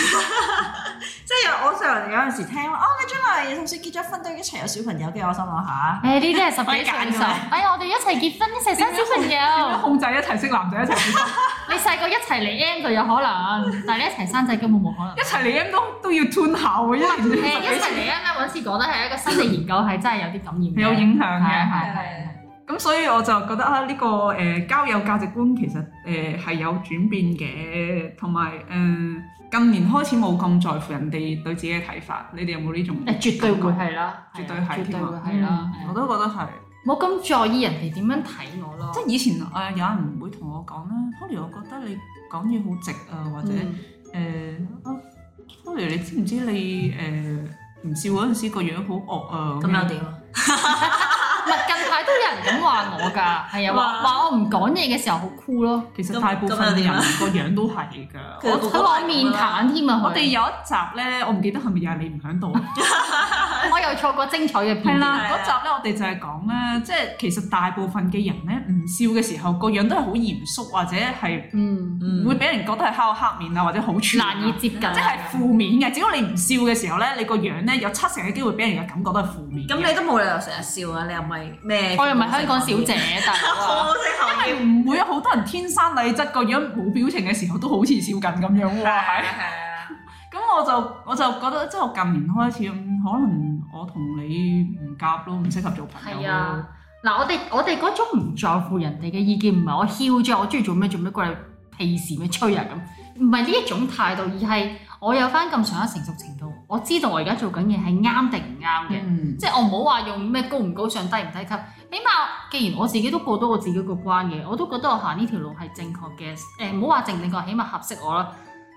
即係我成日有陣時聽，啊你將來甚至結咗婚都一齊有小朋友嘅，我心諗下。誒呢啲係十分現實。哎呀，我哋一齊結婚一齊生小朋友，控制一齊識男仔一齊結婚？你細個一齊嚟 M 就有可能，但係你一齊生仔根本冇可能。一齊嚟 M 都都要 tune 下嘅。誒一齊嚟 M 咧，好似講得係一個新嘅研究，係真係有啲感染，有影響嘅。咁所以我就覺得啊、這個，呢個誒交友價值觀其實誒係、呃、有轉變嘅，同埋誒近年開始冇咁在乎人哋對自己嘅睇法。你哋有冇呢種？誒絕對會係啦，絕對係、啊，絕對會係啦。啊啊、我都覺得係，冇咁在意人哋點樣睇我咯。即係以前誒、呃、有人唔會同我講啦，Holly，我覺得你講嘢好直啊，或者誒，Holly，你知唔知你誒唔、呃、笑嗰陣時個樣好惡啊？咁又點？ 人咁話我㗎，係啊，話話我唔講嘢嘅時候好酷咯。其實大部分嘅人個樣都係㗎，佢 我，我面癱添啊。 我哋有一集咧，我唔記得係咪又係你唔響度。我又錯過精彩嘅片段。嗰集咧，我哋就係講咧，即係其實大部分嘅人咧，唔笑嘅時候，個樣都係好嚴肅，或者係嗯唔會俾人覺得係黑口黑面啊，或者好難以接近，即係負面嘅。只要你唔笑嘅時候咧，你個樣咧有七成嘅機會俾人嘅感覺都係負面。咁你都冇理由成日笑啊？你又唔係咩？我又唔係香港小姐，但係因為唔會有好多人天生麗質，個樣冇表情嘅時候都好似笑緊咁樣。係。咁我就我就覺得即我近年開始、嗯、可能我同你唔夾咯，唔適合做朋友咯、啊。嗱，我哋我哋嗰種唔在乎人哋嘅意見，唔係我囂張，我鍾意做咩做咩，過嚟屁事咩吹啊咁，唔係呢一種態度，而係我有翻咁上下成熟程度，我知道我而家做緊嘢係啱定唔啱嘅。嗯、即係我唔好話用咩高唔高尚、低唔低級，起碼既然我自己都過到我自己個關嘅，我都覺得我行呢條路係正確嘅。誒唔好話正唔正確，起碼合適我啦。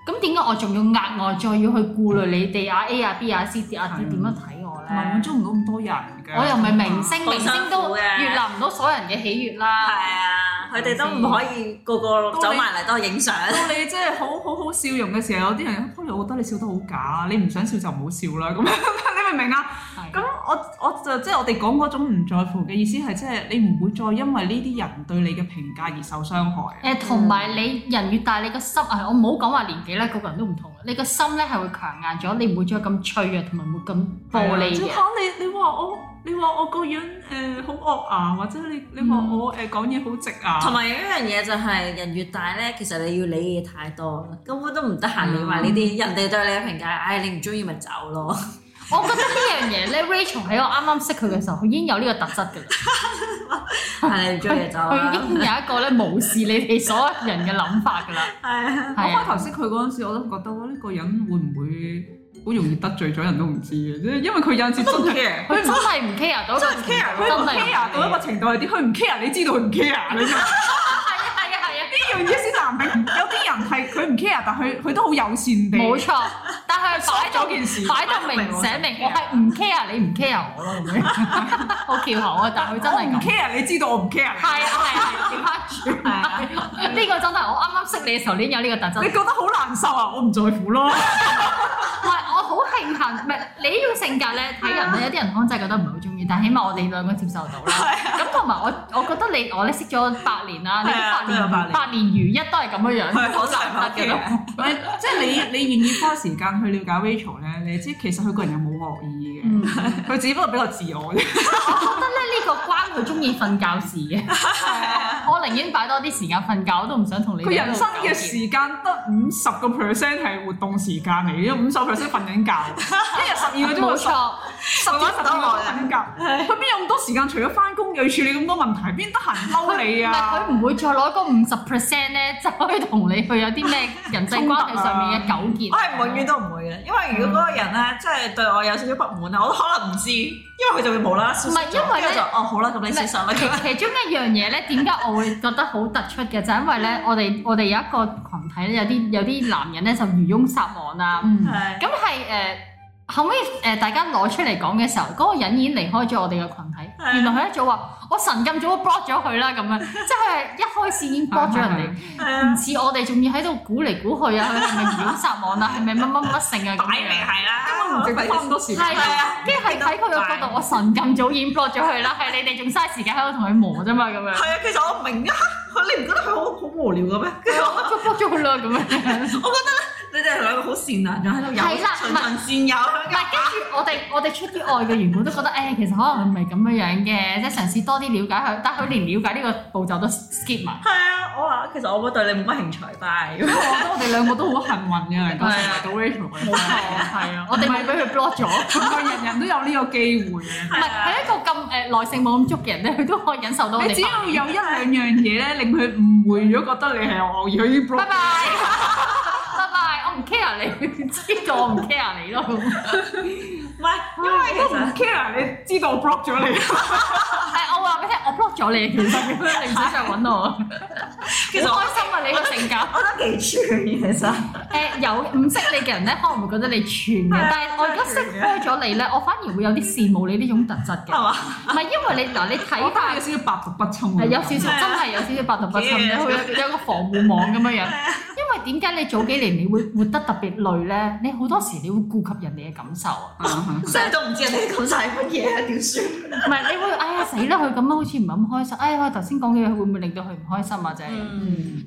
咁點解我仲要額外再要去顧慮你哋啊 A 啊 B 啊 C D 啊啲點樣睇我咧？嘛滿足唔到咁多人嘅，的我又唔係明星，明星、嗯、都越嚟唔到所有人嘅喜悅啦。了佢哋都唔可以個個走埋嚟都影相。到你即係 好好好笑容嘅時候，有啲人忽然覺得你笑得好假，你唔想笑就唔好笑啦。咁你明唔明啊？咁是的 我我就即係我哋講嗰種唔在乎嘅意思係，即係你唔會再因為呢啲人對你嘅評價而受傷害。誒，同埋你人越大，你個心啊，我唔好講話年紀咧，個個人都唔同。你個心咧係會強硬咗，你唔會再咁脆弱，同埋會咁玻璃你。你你話我。你話我個樣誒好惡啊，或者你你話我誒講嘢好直啊。同埋有一樣嘢就係人越大咧，其實你要理嘢太多，根本都唔得閒理埋呢啲。人哋對你評價，唉，你唔中意咪走咯。我覺得呢樣嘢咧，Rachel 喺我啱啱識佢嘅時候，佢已經有呢個特質嘅啦。係你唔中意就佢已經有一個咧，無視你哋所有人嘅諗法噶啦。係啊，開頭先佢嗰陣時，我都覺得喎，呢個人會唔會？好容易得罪咗人都唔知嘅啫，因為佢有陣時真係 care，佢真係唔 care 到，佢唔 care，佢 care 到一個程度係啲，佢唔 care，你知道佢唔 care。一絲難平，有啲人係佢唔 care，但佢佢都好友善地。冇錯，但係擺咗件事，擺到明寫明我係唔 care 你，唔 care 我咯，係咪？好叫口啊！但係佢真係唔 care，你知道我唔 care。係啊，係，調翻轉係。呢個真係我啱啱識你嘅時候，已經有呢個特質。你覺得好難受啊！我唔在乎咯。唔係，我好慶幸，唔係你呢個性格咧，睇人咧，有啲人可能真係覺得唔係好中意。但起碼我哋兩個接受到啦，咁同埋我我覺得你我咧識咗八年啦，你八年八年如一都係咁樣樣，好難得嘅，即係你你願意花時間去了解 Rachel 咧，你知其實佢個人有冇惡意嘅，佢只不過比較自我，我覺得咧呢個關佢中意瞓覺事嘅，我寧願擺多啲時間瞓覺，我都唔想同你。佢人生嘅時間得五十個 percent 係活動時間嚟嘅，五十 percent 瞓緊覺，一日十二個鐘冇錯，十點十點外瞓覺。佢邊有咁多時間？除咗翻工，又要處理咁多問題，邊得閒嬲你啊？佢唔 會再攞個五十 percent 咧，就可以同你去有啲咩人際關係上面嘅糾結、啊 啊。我係永遠都唔會嘅，因為如果嗰個人咧，即係對我有少少不滿啊，我都可能唔知，因為佢就會冇啦唔係，因為咧，哦，好啦，咁你接受啦。 其中一樣嘢咧，點解我會覺得好突出嘅？就係、因為咧，我哋我哋有一個群體咧，有啲有啲男人咧就漁翁撒網啊。咁係誒。是嗯後尾大家攞出嚟講嘅時候，嗰、那個人已經離開咗我哋嘅群體， 原來佢一早話。我神咁早 block 咗佢啦，咁樣即係一開始已經 block 咗人哋，唔似我哋仲要喺度估嚟估去啊，佢係咪撒網啊，係咪乜乜乜成啊咁樣？明係啦，根本唔值得花咁多時間。係啊，跟住係喺佢個角度，我神咁早已經 block 咗佢啦，係你哋仲嘥時間喺度同佢磨啫嘛，咁樣。係啊，其實我明啊，你唔覺得佢好好無聊嘅咩？跟住我 block 咗佢啦，咁樣。我覺得咧，你哋兩個好善良，仲喺度遊循環線遊。唔係，跟住我哋我哋出啲愛嘅原本都覺得，誒，其實可能佢唔係咁樣嘅，即係嘗試多。啲瞭解佢，但係佢連了解呢個步驟都 skip 埋。係啊，我話其實我會對你冇乜興趣，但係我覺得我哋兩個都好幸運嘅，係。係啊，好彩。冇錯，係我哋咪係俾佢 block 咗。人人都有呢個機會嘅，唔係佢一個咁，誒，耐性冇咁足嘅人咧，佢都可以忍受到你。只要有一兩樣嘢咧，令佢誤會，如果覺得你係我已經 block。拜拜。拜拜，我唔 care 你，知道我唔 care 你咯。唔係，因為其實唔 care 你，知道我 block 咗你。係我話俾你聽，我 block 咗你，其實你唔使再揾我。其實開心啊，你個性格，我覺得幾串其實。誒，有唔識你嘅人咧，可能會覺得你串嘅。但係我而家識多咗你咧，我反而會有啲羨慕你呢種特質嘅。係嘛？係因為你嗱，你睇翻有少少百毒不侵。係有少少真係有少少百毒不侵，你有個防護網咁樣樣。因為，點解你早幾年你會活得特別累咧？你好多時你會顧及人哋嘅感受啊，成日都唔知你講晒乜嘢啊，點算？唔係你會，哎呀死啦！佢咁樣好似唔咁開心，哎呀！我頭先講嘅嘢會唔會令到佢唔開心啊？就係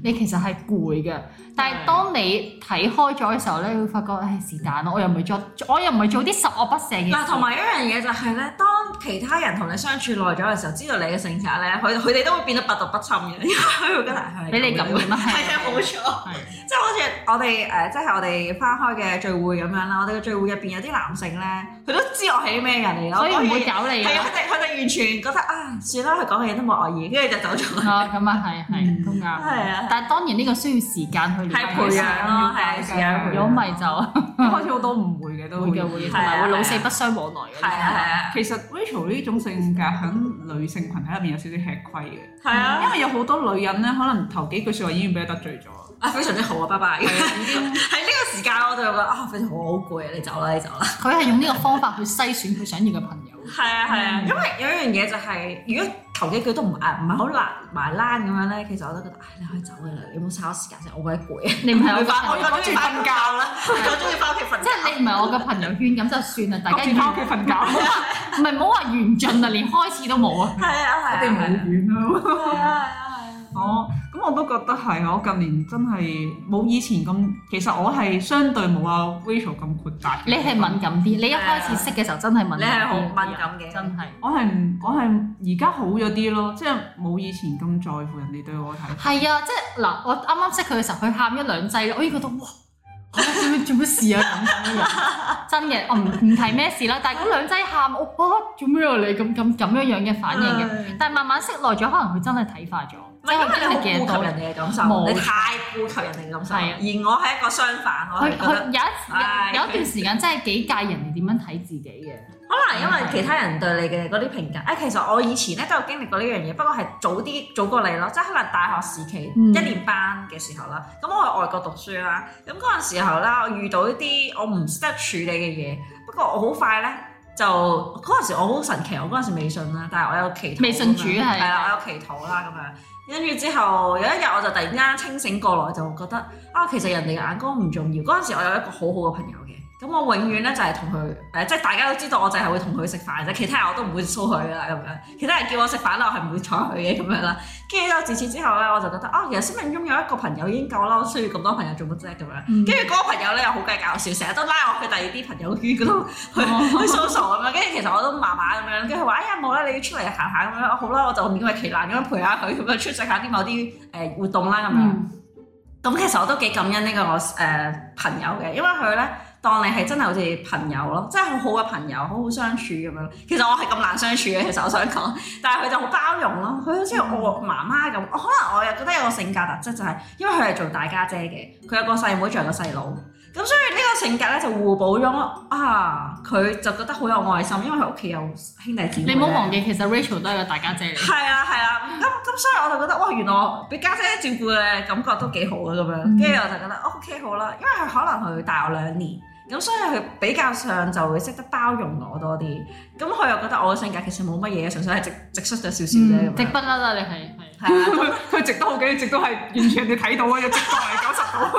你其實係攰嘅，但係當你睇開咗嘅時候咧，會發覺誒是但咯，我又唔係做，我又唔係做啲十惡不赦嘅。嗱，同埋一樣嘢就係咧，當其他人同你相處耐咗嘅時候，知道你嘅性格咧，佢佢哋都會變得百毒不侵嘅，因為佢會覺得係俾你感染啦。係啊，冇錯。即係好似我哋誒，即係我哋返開嘅聚會咁樣啦。我哋嘅聚會入邊有啲男性咧，佢都知我係咩人嚟咯，所以唔會搞你嘅。係啊，佢哋完全覺得啊，算啦，佢講嘢都冇惡意，跟住就走咗咁啊，係係，咁噶。係啊，但係當然呢個需要時間去了解去培養咯。時間。如果唔係就開始好多誤會嘅都，同埋會老死不相往來嘅。係啊係啊，其實 Rachel 呢種性格喺女性群體入面有少少吃虧嘅。係啊，因為有好多女人咧，可能頭幾句説話已經俾佢得罪咗。非常之好啊！拜拜。喺呢個時間，我都有覺得啊，非常好，好攰啊！你走啦，你走啦。佢係用呢個方法去篩選佢想要嘅朋友。係啊係啊，因為有一樣嘢就係，如果頭幾句都唔唔係好難埋欄咁樣咧，其實我都覺得，你可以走噶啦，你冇嘥我時間先，我覺得攰啊！你唔係可以翻我翻瞓覺啦，再中意翻屋企瞓。即係你唔係我嘅朋友圈咁，就算啦。大家翻屋企瞓覺。唔係，唔好話完盡啊，連開始都冇啊。係啊係啊。一定完啊。哦，咁我都覺得係。我近年真係冇以前咁，其實我係相對冇阿 Rachel 咁豁達。你係敏感啲，你一開始識嘅時候真係敏感啲。你係好敏感嘅，真係。我係我係而家好咗啲咯，即係冇以前咁在乎人哋對我睇。係啊，即係嗱，我啱啱識佢嘅時候，佢喊一兩劑咧，我已經覺得哇，做咩事啊咁樣樣。真嘅，我唔唔提咩事啦。但係嗰兩劑喊，我哇，做咩啊你，咁咁咁樣樣嘅反應嘅。但係慢慢識耐咗，可能佢真係睇化咗。唔係因為你好顧及人哋嘅感受，你太顧及人哋嘅感受。而我係一個相反，我覺得有一有一段時間真係幾介意人哋點樣睇自己嘅。可能因為其他人對你嘅嗰啲評價。誒，其實我以前咧都有經歷過呢樣嘢，不過係早啲早過你咯。即係可能大學時期一年班嘅時候啦，咁我去外國讀書啦，咁嗰陣時候啦，我遇到一啲我唔識得處理嘅嘢。不過我好快咧，就嗰陣時我好神奇，我嗰陣時未信啦，但係我有祈禱，未信主係係啦，我有祈禱啦咁樣。跟住之後有一日我就突然間清醒過來，就覺得啊，其實人哋嘅眼光唔重要。嗰陣時我有一個好好嘅朋友。咁我永遠咧就係同佢，誒，即係大家都知道，我就係會同佢食飯啫，其他人我都唔會疏佢噶啦咁樣。其他人叫我食飯咧，我係唔會睬佢嘅咁樣啦。跟住咧，自此之後咧，我就覺得哦，其實生命中有一個朋友已經夠啦，我需要咁多朋友做乜啫咁樣。跟住嗰個朋友咧又好計較，成日都拉我去第二啲朋友圈嗰度去 S、哦、 去 social 咁樣。跟住其實我都麻麻咁樣，跟住話哎呀冇啦，你要出嚟行下咁樣，好啦，我就勉為其難咁樣陪下佢咁樣出席下啲某啲誒、呃、活動啦咁樣。咁、嗯、其實我都幾感恩呢個我、呃、朋友嘅，因為佢咧。當你係真係好似朋友咯，真係好好嘅朋友，好好相處咁樣。其實我係咁難相處嘅，其實我想講，但係佢就好包容咯。佢好似我媽媽咁，可能我又覺得有個性格特質就係，因為佢係做大家姐嘅，佢有個細妹，仲有個細佬，咁所以呢個性格咧就互補咗。啊，佢就覺得好有愛心，因為佢屋企有兄弟姊妹。你唔好忘記，其實 Rachel 都係個大家姐嚟。係啊係啊，咁咁、啊啊、所以我就覺得哇，原來俾家姐照顧嘅感覺都幾好啊咁樣。跟住、嗯、我就覺得 OK 好啦，因為佢可能佢大我兩年。咁所以佢比較上就會識得包容我多啲，咁佢又覺得我嘅性格其實冇乜嘢，純粹係直直率咗少少啫。直不嬲啦，你係係係佢直得好緊要，直都係完全你睇到啊， 一直係九十度。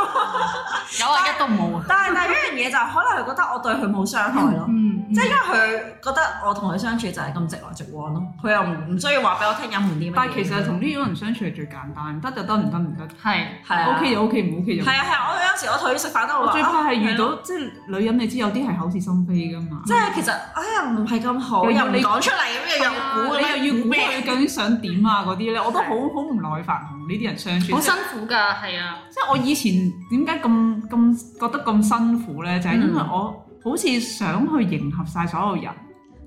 有啊，一都冇。但係但係呢樣嘢就可能係覺得我對佢冇傷害咯，即係因為佢覺得我同佢相處就係咁直來直往咯，佢又唔唔需要話俾我聽隱瞞啲咩。但係其實同呢種人相處係最簡單，得就得唔得唔得，係係 OK 就 OK，唔 OK 就係啊係啊！我有時我同佢食飯都好，最怕係遇到即係女人，你知有啲係口是心非㗎嘛？即係其實哎呀唔係咁好，又未講出嚟，咁樣又估，你又要估佢究竟想點啊嗰啲咧，我都好好唔耐煩。呢啲人相處好辛苦㗎，係啊！即係我以前點解咁咁覺得咁辛苦咧？就係、是、因為我好似想去迎合晒所有人，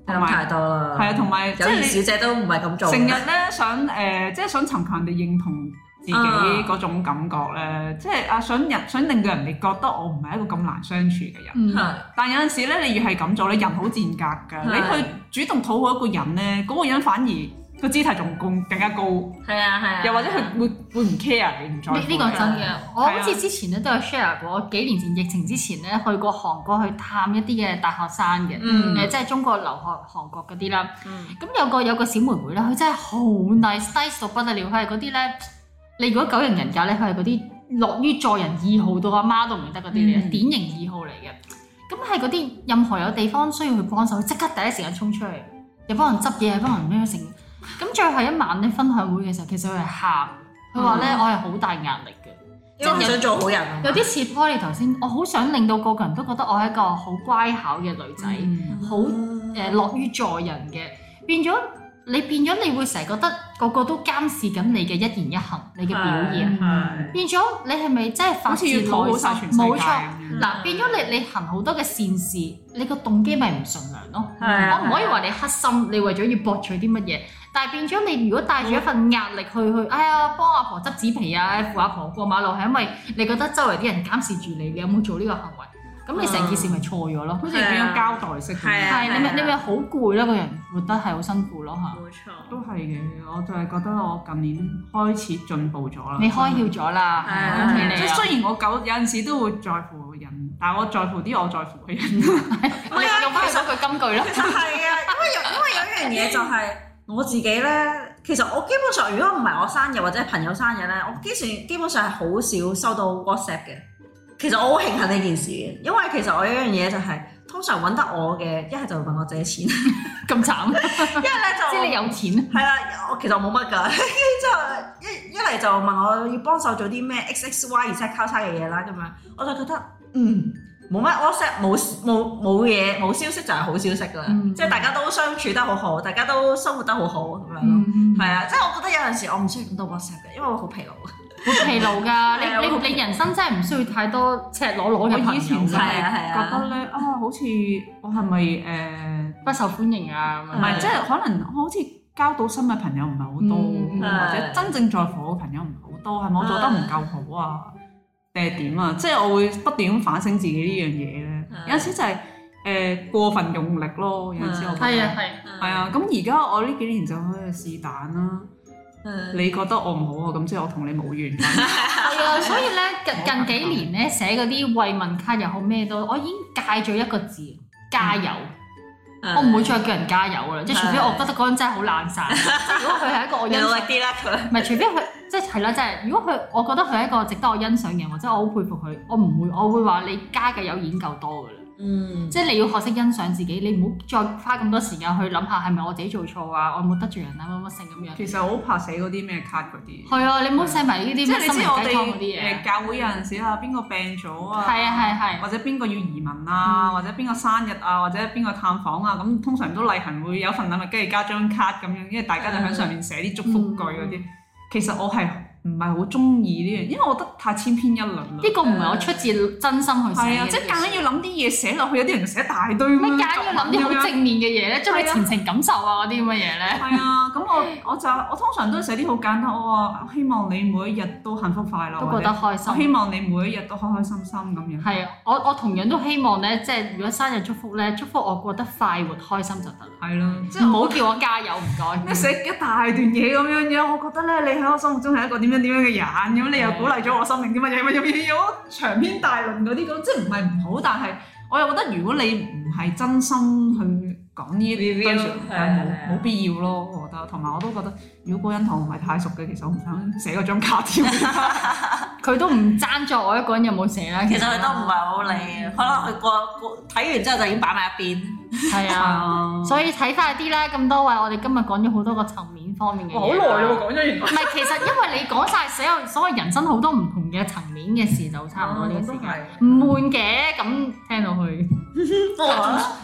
嗯、有太多啦，係啊有，同埋、嗯、即係小姐都唔係咁做，成日咧想誒、呃，即係想尋求人哋認同自己嗰種感覺咧，即係啊，想人想令到人哋覺得我唔係一個咁難相處嘅人，嗯、是但有陣時咧，你越係咁做咧，人好賤格㗎。是是你去主動討好一個人咧，嗰、那個、個人反而。個姿態仲高，更加高，係啊，係啊，又或者佢會會唔 care 你，唔在乎？呢個真嘅，我好似之前咧都有 share 過，幾年前疫情之前咧去過韓國去探一啲嘅大學生嘅，即係中國留學韓國嗰啲啦。咁有個有個小妹妹咧，佢真係好 nice 到不得了，佢係嗰啲咧，你如果九型人格咧，佢係嗰啲樂於助人二號到阿媽都唔得嗰啲嚟嘅，典型二號嚟嘅。咁係嗰啲任何有地方需要佢幫手，即刻第一時間衝出去，又幫人執嘢，又幫人咩成。咁最後一晚咧分享會嘅時候，其實佢係喊，佢話咧我係好大壓力嘅，真係想做好人。有啲似你頭先，我好想令到個個人都覺得我係一個好乖巧嘅女仔，好誒樂於助人嘅。變咗你變咗，你會成日覺得個個都監視緊你嘅一言一行，你嘅表現變咗你係咪真係發自討好？冇錯嗱，變咗你你行好多嘅善事，你個動機咪唔純良咯？我唔可以話你黑心，你為咗要博取啲乜嘢？但係變咗你如果帶住一份壓力去去，哎呀幫阿婆執紙皮啊，扶阿婆過馬路，係因為你覺得周圍啲人監視住你，你有冇做呢個行為？咁你成件事咪錯咗咯？好似變咗交代式咁。係，你咪你咪好攰咯，個人活得係好辛苦咯嚇。冇錯，都係嘅。我就係覺得我近年開始進步咗啦。你開竅咗啦，恭喜你！即係雖然我有陣時都會在乎人，但係我在乎啲我在乎嘅人。唔係啊，用翻咗句金句咯。係啊，因為有一樣嘢就係。我自己咧，其實我基本上如果唔係我生日或者朋友生日咧，我幾乎基本上係好少收到 WhatsApp 嘅。其實我好慶幸呢件事嘅，因為其實我有一樣嘢就係，通常揾得我嘅，一係就會問我借錢，咁慘。一係咧就知 你有錢。係啦，我其實冇乜㗎，之後一一嚟就問我要幫手做啲咩 X X Y 而且交叉嘅嘢啦咁樣，我就覺得嗯。冇乜 WhatsApp，冇冇冇嘢，冇消息就係好消息㗎啦，即係大家都相處得好好，大家都生活得好好咁樣咯，係啊，即係我覺得有陣時我唔需要咁多 WhatsApp 嘅，因為我好疲勞，好疲勞㗎。你你你人生真係唔需要太多赤裸裸嘅朋友，係啊係啊。覺得咧啊，好似我係咪誒不受歡迎啊？唔係，即係可能好似交到新嘅朋友唔係好多，或者真正在乎我嘅朋友唔係好多，係咪我做得唔夠好啊？定係點啊？即係我會不斷反省自己呢樣嘢咧。嗯、有陣時就係、是、誒、呃、過分用力咯。有陣時我覺得係啊，係。係啊、嗯，咁而家我呢幾年就可以是但啦。嗯、你覺得我唔好啊？咁即係我同你冇緣。係啊，所以咧近近幾年咧，寫嗰啲慰問卡又好咩都，我已經戒咗一個字加油。嗯 我唔會再叫人加油噶啦，即係 除非我覺得嗰個人真係好懶散。如果佢係一個我，努啲啦，佢唔係除非佢即係係啦，即係如果佢我覺得佢係一個值得我欣賞嘅人，或者我好佩服佢，我唔會我會話你加嘅油已經夠多噶啦。嗯，即係你要學識欣賞自己，你唔好再花咁多時間去諗下係咪我自己做錯啊，我有冇得罪人啊乜乜性咁樣。其實我好怕寫嗰啲咩卡嗰啲。係啊對，對你唔好寫埋呢啲。即係你知我哋誒教會有陣時啊，邊個病咗啊？係啊係係。或者邊個要移民啊？嗯、或者邊個生日啊？或者邊個探訪啊？咁通常都例行會有份禮物，跟住加張卡咁樣，因為大家就喺上面寫啲祝福句嗰啲。嗯嗯、其實我係。唔係好中意呢樣，因為我覺得太千篇一律啦。呢個唔係我出自真心去寫啊的，即係夾硬要諗啲嘢寫落去，有啲人就寫一大堆。咩夾硬諗啲好正面嘅嘢咧？將的你前程感受啊嗰啲咁嘅嘢咧？係啊，咁我我就我通常都寫啲好簡單我，我希望你每一日都幸福快樂，都覺得開心。我希望你每一日都開開心心咁樣。係啊，我我同樣都希望咧，即係如果生日祝福咧，祝福我過得快活開心就得啦。係咯，即係唔好叫我加油唔該。咩寫一大段嘢咁樣樣？我覺得咧，你喺我心目中係一個點點樣點樣嘅人，咁你又鼓勵咗我生命啲乜嘢乜嘢？有長篇大論嗰啲咁，即係唔係唔好，但係我又覺得如果你唔係真心去講呢啲，係冇沒必要咯。我覺得，同埋我都覺得，如果個人同我唔係太熟嘅，其實我唔想寫嗰張卡添。佢 都唔爭在我一個人有冇寫。其實佢都唔係好理，可能佢過睇完之後就已經擺埋一邊。係 啊，所以睇快啲咧，咁多位我哋今日講咗好多個層面。好耐咯，講咗完。唔係，其實因為你講晒所有 所謂人生好多唔同嘅層面嘅事，就差唔多呢啲時間。都係唔悶嘅，咁聽到去。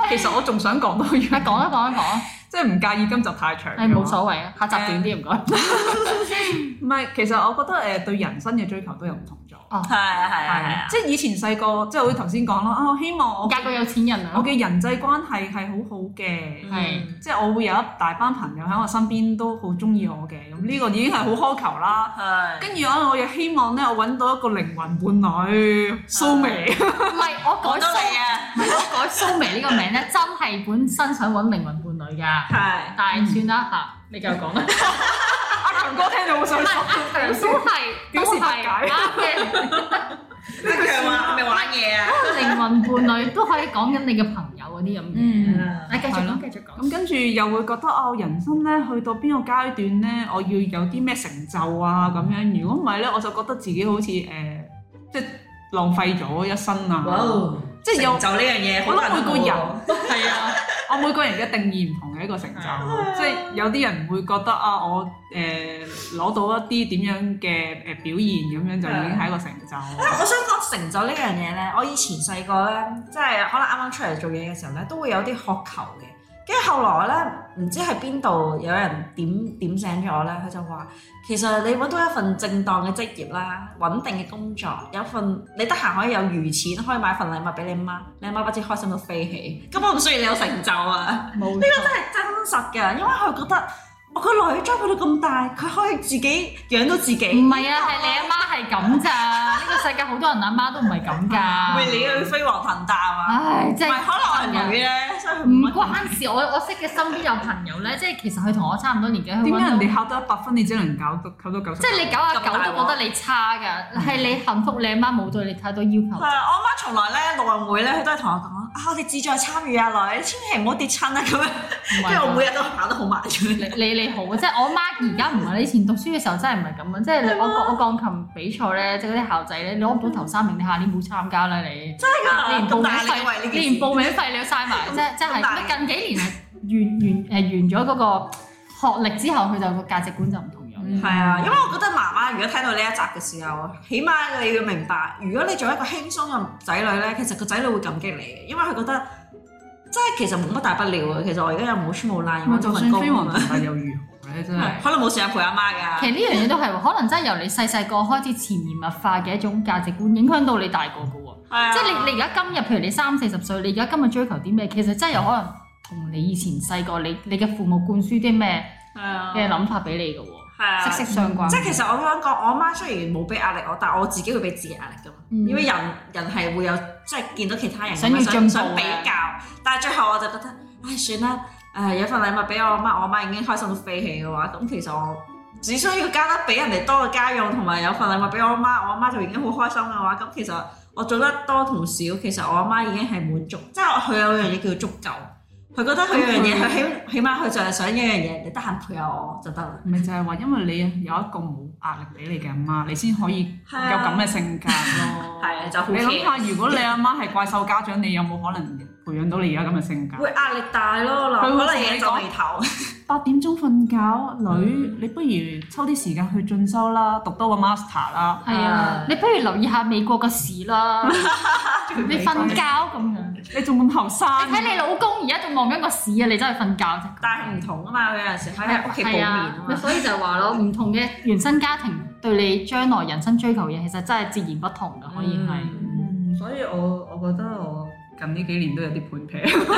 其實我仲想講多啲。講一講一講即係唔介意今集太長。係冇、哎、所謂啊，下集短啲唔該。唔係、嗯， 其實我覺得誒對人生嘅追求都有唔同。哦，係、oh、啊，係啊，啊啊即係以前細個，即好似頭先講咯，啊，我希望我嫁個有錢人，啊，我嘅人際關係係好好嘅，係是，即係我會有一大班朋友喺我身邊都我，都好中意我嘅，咁呢個已經係好苛求啦。係是，跟住我，我又希望咧，我揾到一個靈魂伴侶，是蘇眉美。唔 係，我改咗你啊，唔係我改蘇眉呢個名咧，真係本身想揾靈魂伴侶㗎。係的的，但係算啦嚇，你繼續講啊。 歌聽到好心塞，都係，都係嘅。你哋係咪玩嘢啊？靈魂伴侶都係講緊你嘅朋友嗰啲咁嘅。嗯，誒繼續講，繼續講。咁跟住又會覺得啊，人生咧去到邊個階段咧，我要有啲咩成就啊咁樣？如果唔係咧，我就覺得自己好似誒，即係浪費咗一生啊。即係有成就呢樣嘢，可能每個人係啊， 我每個人嘅定義唔同嘅一個成就。即係有啲人會覺得啊，我誒攞、呃、到一啲點樣嘅誒表現，咁樣就已經係一個成就。 我想講成就呢樣嘢咧，我以前細個咧，即、就、係、是、可能啱啱出嚟做嘢嘅時候咧，都會有啲渴求嘅。跟住後來呢，唔知係邊度有人點點醒咗我呢，佢就話：其實你揾到一份正當嘅職業啦，穩定嘅工作，有份你得閒可以有餘錢，可以買份禮物畀你媽，你媽不知開心到飛起。根本唔需要你有成就啊！呢沒錯 個真係真實嘅，因為佢覺得。我個女長到咁大，佢可以自己養到自己。唔係啊，係你阿媽係咁咋？呢個世界好多人阿媽都唔係咁㗎。為你阿妹飛黃騰達係嘛？唉，即係可能唔係咧。唔關事，我我識嘅身邊有朋友咧，即係其實佢同我差唔多年紀。點解人哋考到一百分，你只能夠考到九十？即係你九啊九都覺得你差㗎，係你幸福，你阿媽冇對你太多要求。我阿媽從來咧，陸運會咧，佢都係同我講啊，你志在參與啊，女，千祈唔好跌親啊咁樣。因為我每日都跑得好慢咗，你你。好即係我媽而家唔係你以前讀書嘅時候真，真係唔係咁樣！即係我我鋼琴比賽咧，即係嗰啲校際咧，你攞唔到頭三名，嗯、你下年冇參加啦！你真係、啊、你連報名費，連報名費你要晒埋，即係即係。近幾年完完誒完咗嗰、呃、個學歷之後，佢就個價值觀就唔同樣。係啊，因為我覺得媽媽如果聽到呢一集嘅時候，起碼你要明白，如果你做一個輕鬆嘅仔女咧，其實個仔女會感激你嘅，因為佢覺得。真係其實冇乜大不了嘅，其實我而家又冇穿冇爛，又冇份工，但 又如何咧？真係、嗯、可能冇時間陪阿媽㗎。其實呢樣嘢都係，可能真係由你細細個開始潛移默化嘅一種價值觀影響到你大個嘅喎。即係 你你而家今日，譬如你三四十歲，你而家今日追求啲咩？其實真係有可能同你以前細個，你你嘅父母灌輸啲咩嘅諗法俾你嘅喎。 係啊，息息相關、嗯。即係其實我想講，我阿媽雖然冇俾壓力我，但係我自己會俾自己壓力噶嘛。嗯、因為人人係會有即係見到其他人，想想比較。但係最後我就覺得，唉、哎，算啦。誒、呃，有份禮物俾我阿媽，我阿媽已經開心到飛起嘅話，咁其實我只需要交得比人哋多嘅家用，同埋有，有份禮物俾我阿媽，我阿媽就已經好開心嘅話，咁其實我做得多同少，其實我阿媽已經係滿足，即係佢有樣嘢叫做足夠。佢覺得佢樣嘢，佢起是的 起碼佢、嗯、就係想一樣嘢，你得閒陪下我就得啦。咪就係話，因為你有一個冇壓力俾你嘅阿媽，媽，你先可以有咁嘅性格咯。係啊，就你諗下，如果你阿媽係怪獸家長，你有冇可能培養到你而家咁嘅性格？會壓力大咯，會可能影你咗。眉頭。你說 八點鐘瞓覺，女你不如抽啲時間去進修啦，讀多個 master 啦。係啊，你不如留意下美國嘅市啦。你瞓覺咁樣，你仲咁後生？睇你老公而家仲望緊個市啊！你真係瞓覺。但係唔同啊嘛，佢有陣時喺屋企讀面。所以就係話咯，唔同嘅原生家庭對你將來人生追求嘢，其實真係截然不同嘅，可以係。嗯，所以我我覺得我近呢幾年都有啲叛逆。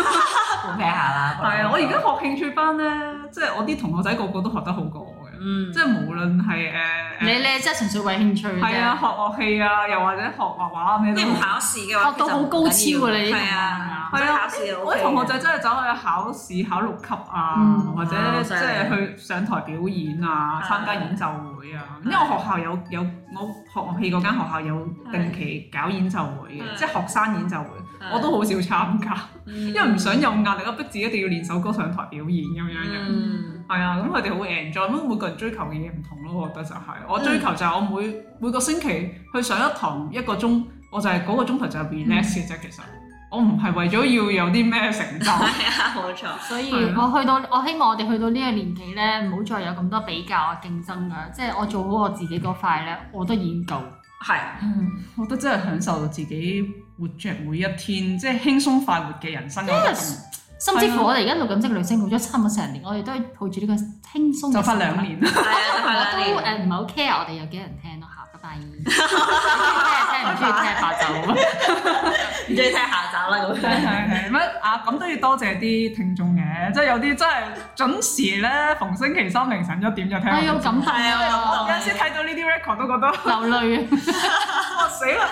好平下啦，係啊！我而家學興趣班咧，即係 我啲同學仔個個都學得好過。嗯，即係無論係誒，你咧即係純粹為興趣，係啊，學樂器啊，又或者學畫畫咩都，唔考試嘅話學到好高超啊。你，係啊，係啊，我啲同學仔真係走去考試考六級啊，或者即係去上台表演啊，參加演奏會啊。因為學校有有我學樂器嗰間學校有定期搞演奏會嘅，即係學生演奏會，我都好少參加，因為唔想有壓力啊，逼自己一定要練首歌上台表演咁樣樣。係啊，咁佢哋好 enjoy，咁每個人追求嘅嘢唔同咯，我覺得就係，嗯、我追求就係我每每個星期去上一堂一個鐘，我就係嗰個鐘頭就 relax 嘅啫，嗯、其實我唔係為咗要有啲咩成就。係啊、嗯，冇錯。所以的我去到我希望我哋去到呢個年紀咧，唔好再有咁多比較啊、競爭啊。即係我做好我自己嗰塊咧，我都已經夠。係的。嗯，我都真係享受到自己活着每一天，即係輕鬆快活嘅人生。Yes. 甚至乎我哋而家做緊職女聲，做咗差唔多成年，我哋都係抱住呢個輕鬆，就翻兩年 我。係啊，係兩年都誒唔係好 care 我哋有幾人聽咯，下集快啲。 聽唔中意聽下奏，唔中意聽下集啦咁。 啊？咁都要多謝啲聽眾嘅，即係有啲真係準時咧，逢星期三凌晨一點就聽，聽、 啊。咁有陣時睇到呢啲 record 都覺得流淚，我死啦！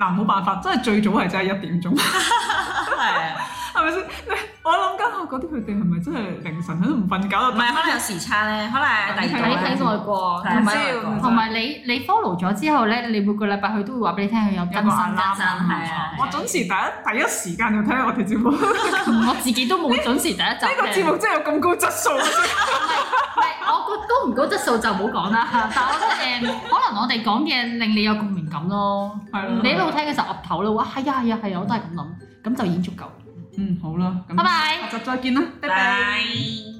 嗱，冇辦法，真係最早係真係一點鐘。 係啊，係咪先？我諗緊下嗰啲佢哋係咪真係凌晨喺度唔瞓覺？唔係，可能有時差咧，可能。你睇睇外國，同埋同埋你你 follow 咗之後咧，你每個禮拜佢都會話俾你聽佢有更新啦。新係我準時第一第一時間就睇下我哋節目，我自己都冇準時第一集嘅。呢個節目真係有咁高質素啊！我覺得高唔高質素就唔好講啦，但我我誒可能我哋講嘢令你有共鳴感咯。你一路聽嘅就岌頭咧，哇係啊係啊係啊，我都係咁諗，咁就已經足夠。嗯，好啦，咁，拜拜，就再見啦，拜拜。